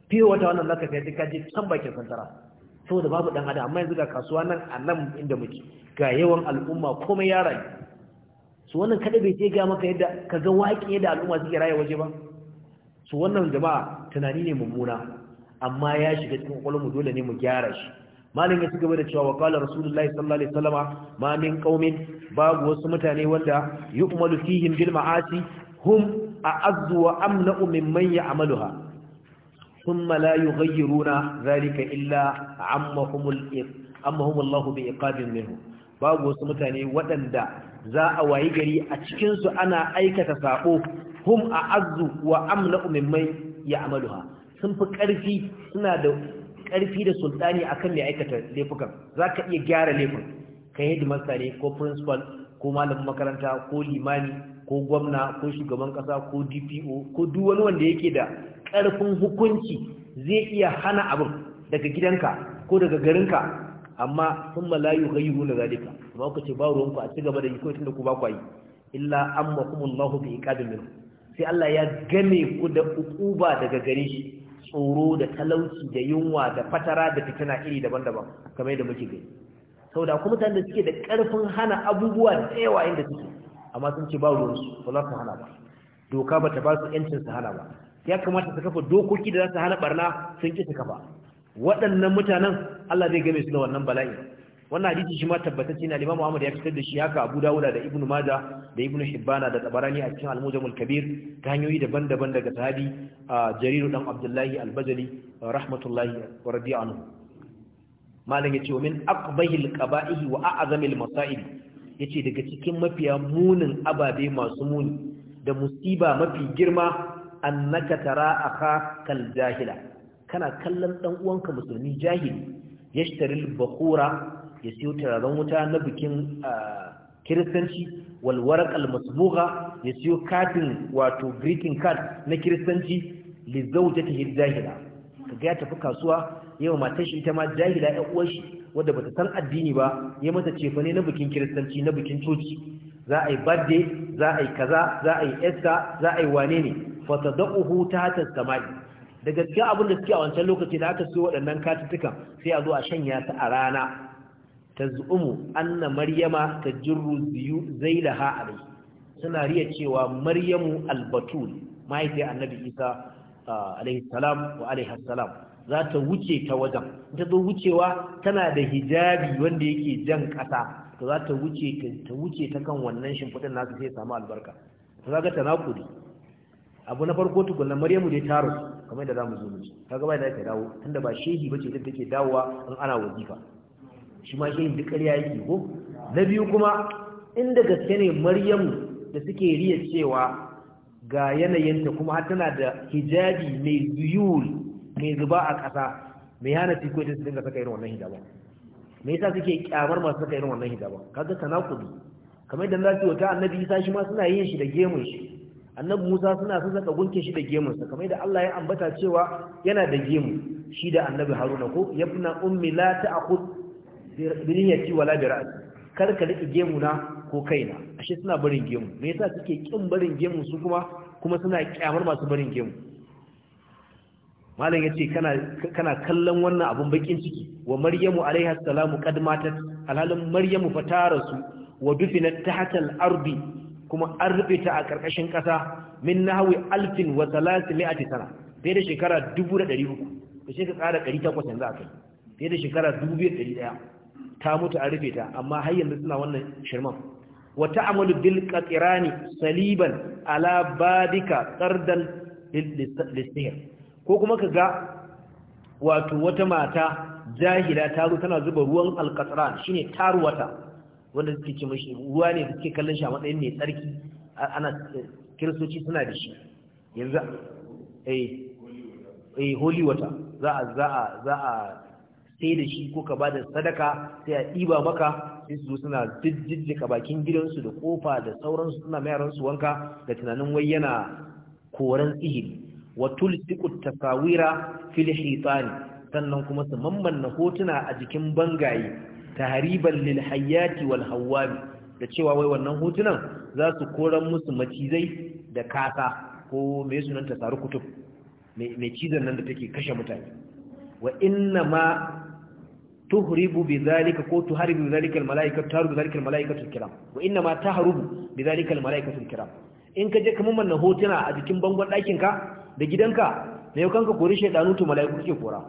fiye wata wannan zaka kai duka je can bakin santara saboda babu dan adam amma yanzu ga kasuwa nan a nan inda muke ga yawan al'umma komai ya rayu su wannan kada bai je ga maka yadda ka ga waƙi da al'umma suke raye waje ba su wannan jama'a tunani ne mummuna amma ya shiga cikin mu dole ne mu gyara shi malam ya ci gaba da cewa wa qala rasulullahi sallallahu alaihi wasallama ma min qaumin babu wasu mutane wanda yu'malu fihim bil ma'asi hum a'azzu wa amna'u mimman ya'maluha ثم لا يغيرون ذلك الا عمهم الاف عمهم الله باقاب منهم باغو su mutane waɗanda za a wayi gari a cikin su ana aikata saƙo, hum a'azzu wa amla mimma ya'maluha sun fi karfi suna da karfi da sultani akan mai aikata lefukan zaka iya gyara lefin kai hidimar sare ko principal ko malamin makaranta ko limami ko gwamna ko shugaban ƙasa, ko DPO ko duk wani wanda yake da ƙarfin hukunci zai iya hana abin daga gidanka ko daga garinka amma sun malayu ga yi nuna zalika amma ku ce ba ruwanku a ci gaba da yi ko tunda ku ba kwayi illa an makumun bi iqadin min sai Allah ya game ku da ukuba daga gare shi tsoro da talauci da yunwa da fatara da fitina iri daban-daban kamar yadda muke gani saboda kuma mutanen da suke da ƙarfin hana abubuwa da tsayawa inda suke amma sun ce ba ruwansu ba za su hana ba doka ba ta ba su 'yancin su hana ba ya kamata su kafa dokoki da za su hana barna sun ki su kafa waɗannan mutanen Allah zai game su da wannan bala'i wannan hadisi shi ma tabbatacce na Imam Muhammad ya fitar da shi haka Abu Dawud da Ibn Majah da Ibn Hibban da Tabarani a cikin Al-Mujamul Kabir ta hanyoyi daban-daban daga sahabi Jarir dan Abdullahi Al-Bajali rahmatullahi wa radiya anhu malam yace wa min aqbahil qaba'ihi wa a'zamil masa'ib yace daga cikin mafiya munin ababe masu muni da musiba mafi girma annaka tara aka kal jahila kana kallon dan uwanka musulmi jahili yashtaril bakhura ya siyo turaren wuta na bikin kiristanci wal warqal masbugha ya siyo katin wato greeting card na kiristanci li zawjatihi jahila kaga ya tafi kasuwa yau matar shi ita ma jahila ya uwar shi wadda bata san addini ba ya mata cefa ne na bikin kiristanci na bikin coci za a yi birthday za a yi kaza za a yi esta za a yi wane ne fata da'uhu ta hatar samari da gaske abin da suke a wancan lokaci da aka siyo waɗannan katutukan sai a zo a shanya ta a rana ta zu'umu anna maryama ta jirru zailaha suna riya cewa maryamu albatul mahaifiyar annabi isa alaihi wa za ta wuce ta wajen ta zo wucewa tana da hijabi wanda yake jan ƙasa to za ta wuce ta wuce ta kan wannan shimfiɗin nasu sai samu albarka to za ga ta naƙuri abu na farko tukunna maryamu dai taro kamar yadda zamu zo musu kaga bai da ta dawo tunda ba shehi bace da take dawowa in ana wazifa shi ma shehi duk ƙarya yake ko na biyu kuma inda gaske ne maryamu da suke riya cewa ga yanayinta kuma har tana da hijabi mai zuyul mai zuba a ƙasa mai hana tiko ko su dinga saka irin wannan hijaba me yasa suke kyamar masu saka irin wannan hijaba kaga tanakubi kamar yadda za su yi wata annabi isa shi ma suna yin shi da gemun shi annabi Musa suna son saka gunke shi da gemunsa kamar yadda Allah ya ambata cewa yana da gemu shi da annabi Haruna ko yabna ummi la ta'khud biniyati wala bi ra'si kar ka rike gemuna ko kaina ashe suna barin gemu me yasa suke kin barin gemu su kuma kuma suna kyamar masu barin gemu malam yace kana kana kallon wannan abun bakin ciki wa maryamu alaiha salamu qad matat alhalin maryamu fatarasu wa dufinat tahta al-ardi kuma an rufe ta a ƙarƙashin ƙasa min nahawi alfin wa talatin mi'ati sana fiye da shekara dubu da ɗari uku da shi ka ƙara ɗari takwas yanzu a kai fiye da shekara dubu biyu ɗari ɗaya ta mutu an rufe ta amma har yanzu suna wannan shirman wata amalu bil qatirani saliban ala badika qardan lisihir ko kuma ka ga wato wata mata jahila ta zo tana zuba ruwan alqatran shine tarwata wanda suke ce mashi ruwa ne da suke kallon shi a matsayin mai tsarki ana eh, kiristoci suna da shi yanzu a eh, eh, holy water za a za a za a sai da shi ko ka ba da sadaka sai a ɗiba maka sai su suna jijjika bakin gidansu da kofa da sauransu suna mayaransu wanka da tunanin wai yana koran sihiri wa tulsiqu tasawira fil hitani sannan kuma su mamman na hotuna a jikin bangaye tahriban lil hayati wal hawami da cewa wai wannan hotunan za su koran musu macizai da kasa ko mai sunan tasaru kutub mai cizon nan da take kashe mutane wa inna ma tuhribu bi zalika ko tuharibu bi zalika al malaika taharubu bi zalika al malaika al kiram wa inna ma taharubu bi zalika al malaika al kiram in ka je ka wannan hotuna a jikin bangon ɗakin ka da gidanka mai yau kanka kori shaidanu to mala'iku suke kora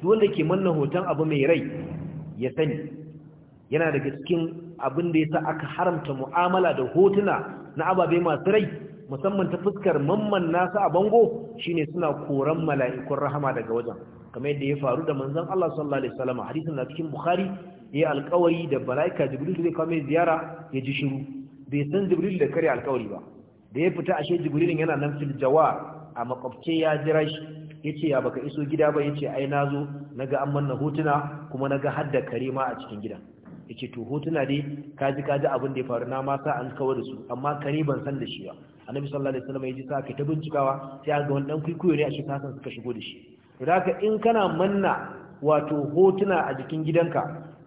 duk wanda ke manna hoton abu mai rai ya sani yana da cikin abin da ya sa aka haramta mu'amala da hotuna na ababe masu rai musamman ta fuskar mamman nasu a bango shine suna koran mala'ikun rahama daga wajen kamar yadda ya faru da manzon Allah sallallahu alaihi wasallam hadisin na cikin Bukhari ya alƙawari da mala'ika Jibril zai kawo mai ziyara ya ji shiru bai san Jibril da kare alƙawari ba da ya fita ashe Jibril yana nan fil jawar a makwabce ya jira shi yace ya baka iso gida ba yace ai nazo naga an manna hotuna kuma naga hadda ma a cikin gidan yace to hotuna dai kaji kaji abin da ya faru na ma sa an kawar da su amma kare ban san da shi ba annabi sallallahu alaihi wasallam ya ji sa kai ta bincikawa sai an ga wani dan kuikuyo ne a cikin hasan suka shigo da shi to in kana manna wato hotuna a jikin gidanka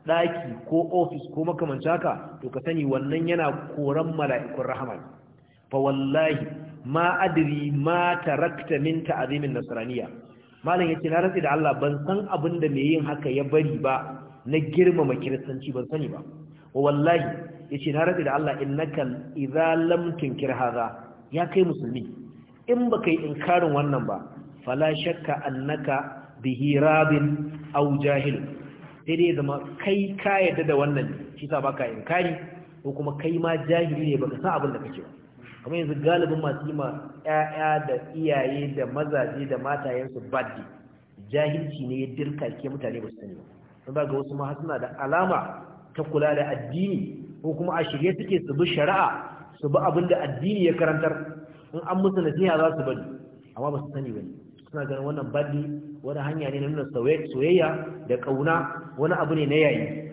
daki ko ofis ko makamancin haka to ka sani wannan yana koran mala'ikun Rahman! fa wallahi ma adri ma tarakta min ta'zimin nasraniya malam yace na rantsi da Allah ban san abin da me yin haka ya bari ba na girmama kiristanci ban sani ba wa wallahi yace na rabi da Allah innaka idza lam tunkir hadha ya kai musulmi in baka yi inkarin wannan ba fala shakka annaka bihi rabin aw jahil sai dai zama kai ka yadda da wannan shi sa baka inkari ko kuma kai ma jahili ne baka san abin da kake ba kamar yanzu galibin masu yi ma ƴaƴa da iyaye da mazaje da matayensu baddi jahilci ne ya dirka ke mutane ba su sani ba za ga wasu mahasuna da alama ta kula da addini ko kuma a shirye suke su bi shari'a su bi abin da addini ya karantar in an musu nasiha za su bari amma ba su sani ba suna ganin wannan baddi wani hanya ne na nuna soyayya da ƙauna wani abu ne na yayi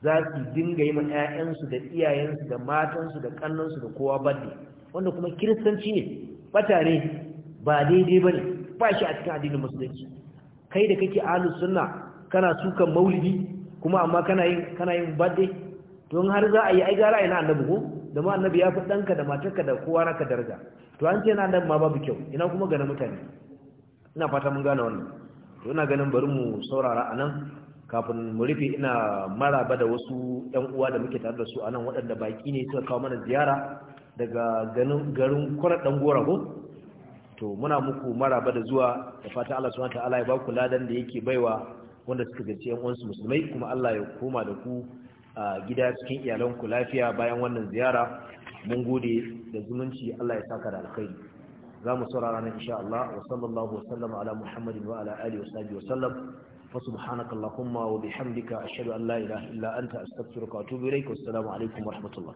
za su dinga yi ma 'ya'yansu da iyayensu da matansu da kannansu da kowa baddi wanda kuma kiristanci ne bata ne ba daidai ba ne ba shi a cikin addinin musulunci kai da kake ahlus sunna kana sukan maulidi kuma amma kana yin kana yin birthday don har za a yi ai gara ina annabi ko da ma annabi ya fi danka da matarka da kowa naka daraja to an ce na annabi ma babu kyau ina kuma ga mutane ina fata mun gane wannan to ina ganin bari mu saurara a nan kafin mu rufe ina maraba da wasu ƴan uwa da muke tare da su anan waɗanda baki ne suka kawo mana ziyara daga ganin garin kwarar dan gora ko to muna muku maraba da zuwa da fata Allah subhanahu wa ta'ala ya ba ku ladan da yake baiwa wanda suka gaci yan uwansu musulmai kuma Allah ya koma da ku a gida cikin iyalanku lafiya bayan wannan ziyara mun gode da zumunci Allah ya saka da alkhairi za mu saurara nan insha Allah wa sallallahu wa sallama ala Muhammadin wa ala alihi wa sahbihi wa sallam fa subhanaka allahumma wa bihamdika ashhadu an la ilaha illa anta astaghfiruka wa atubu ilaik wa assalamu alaikum wa rahmatullah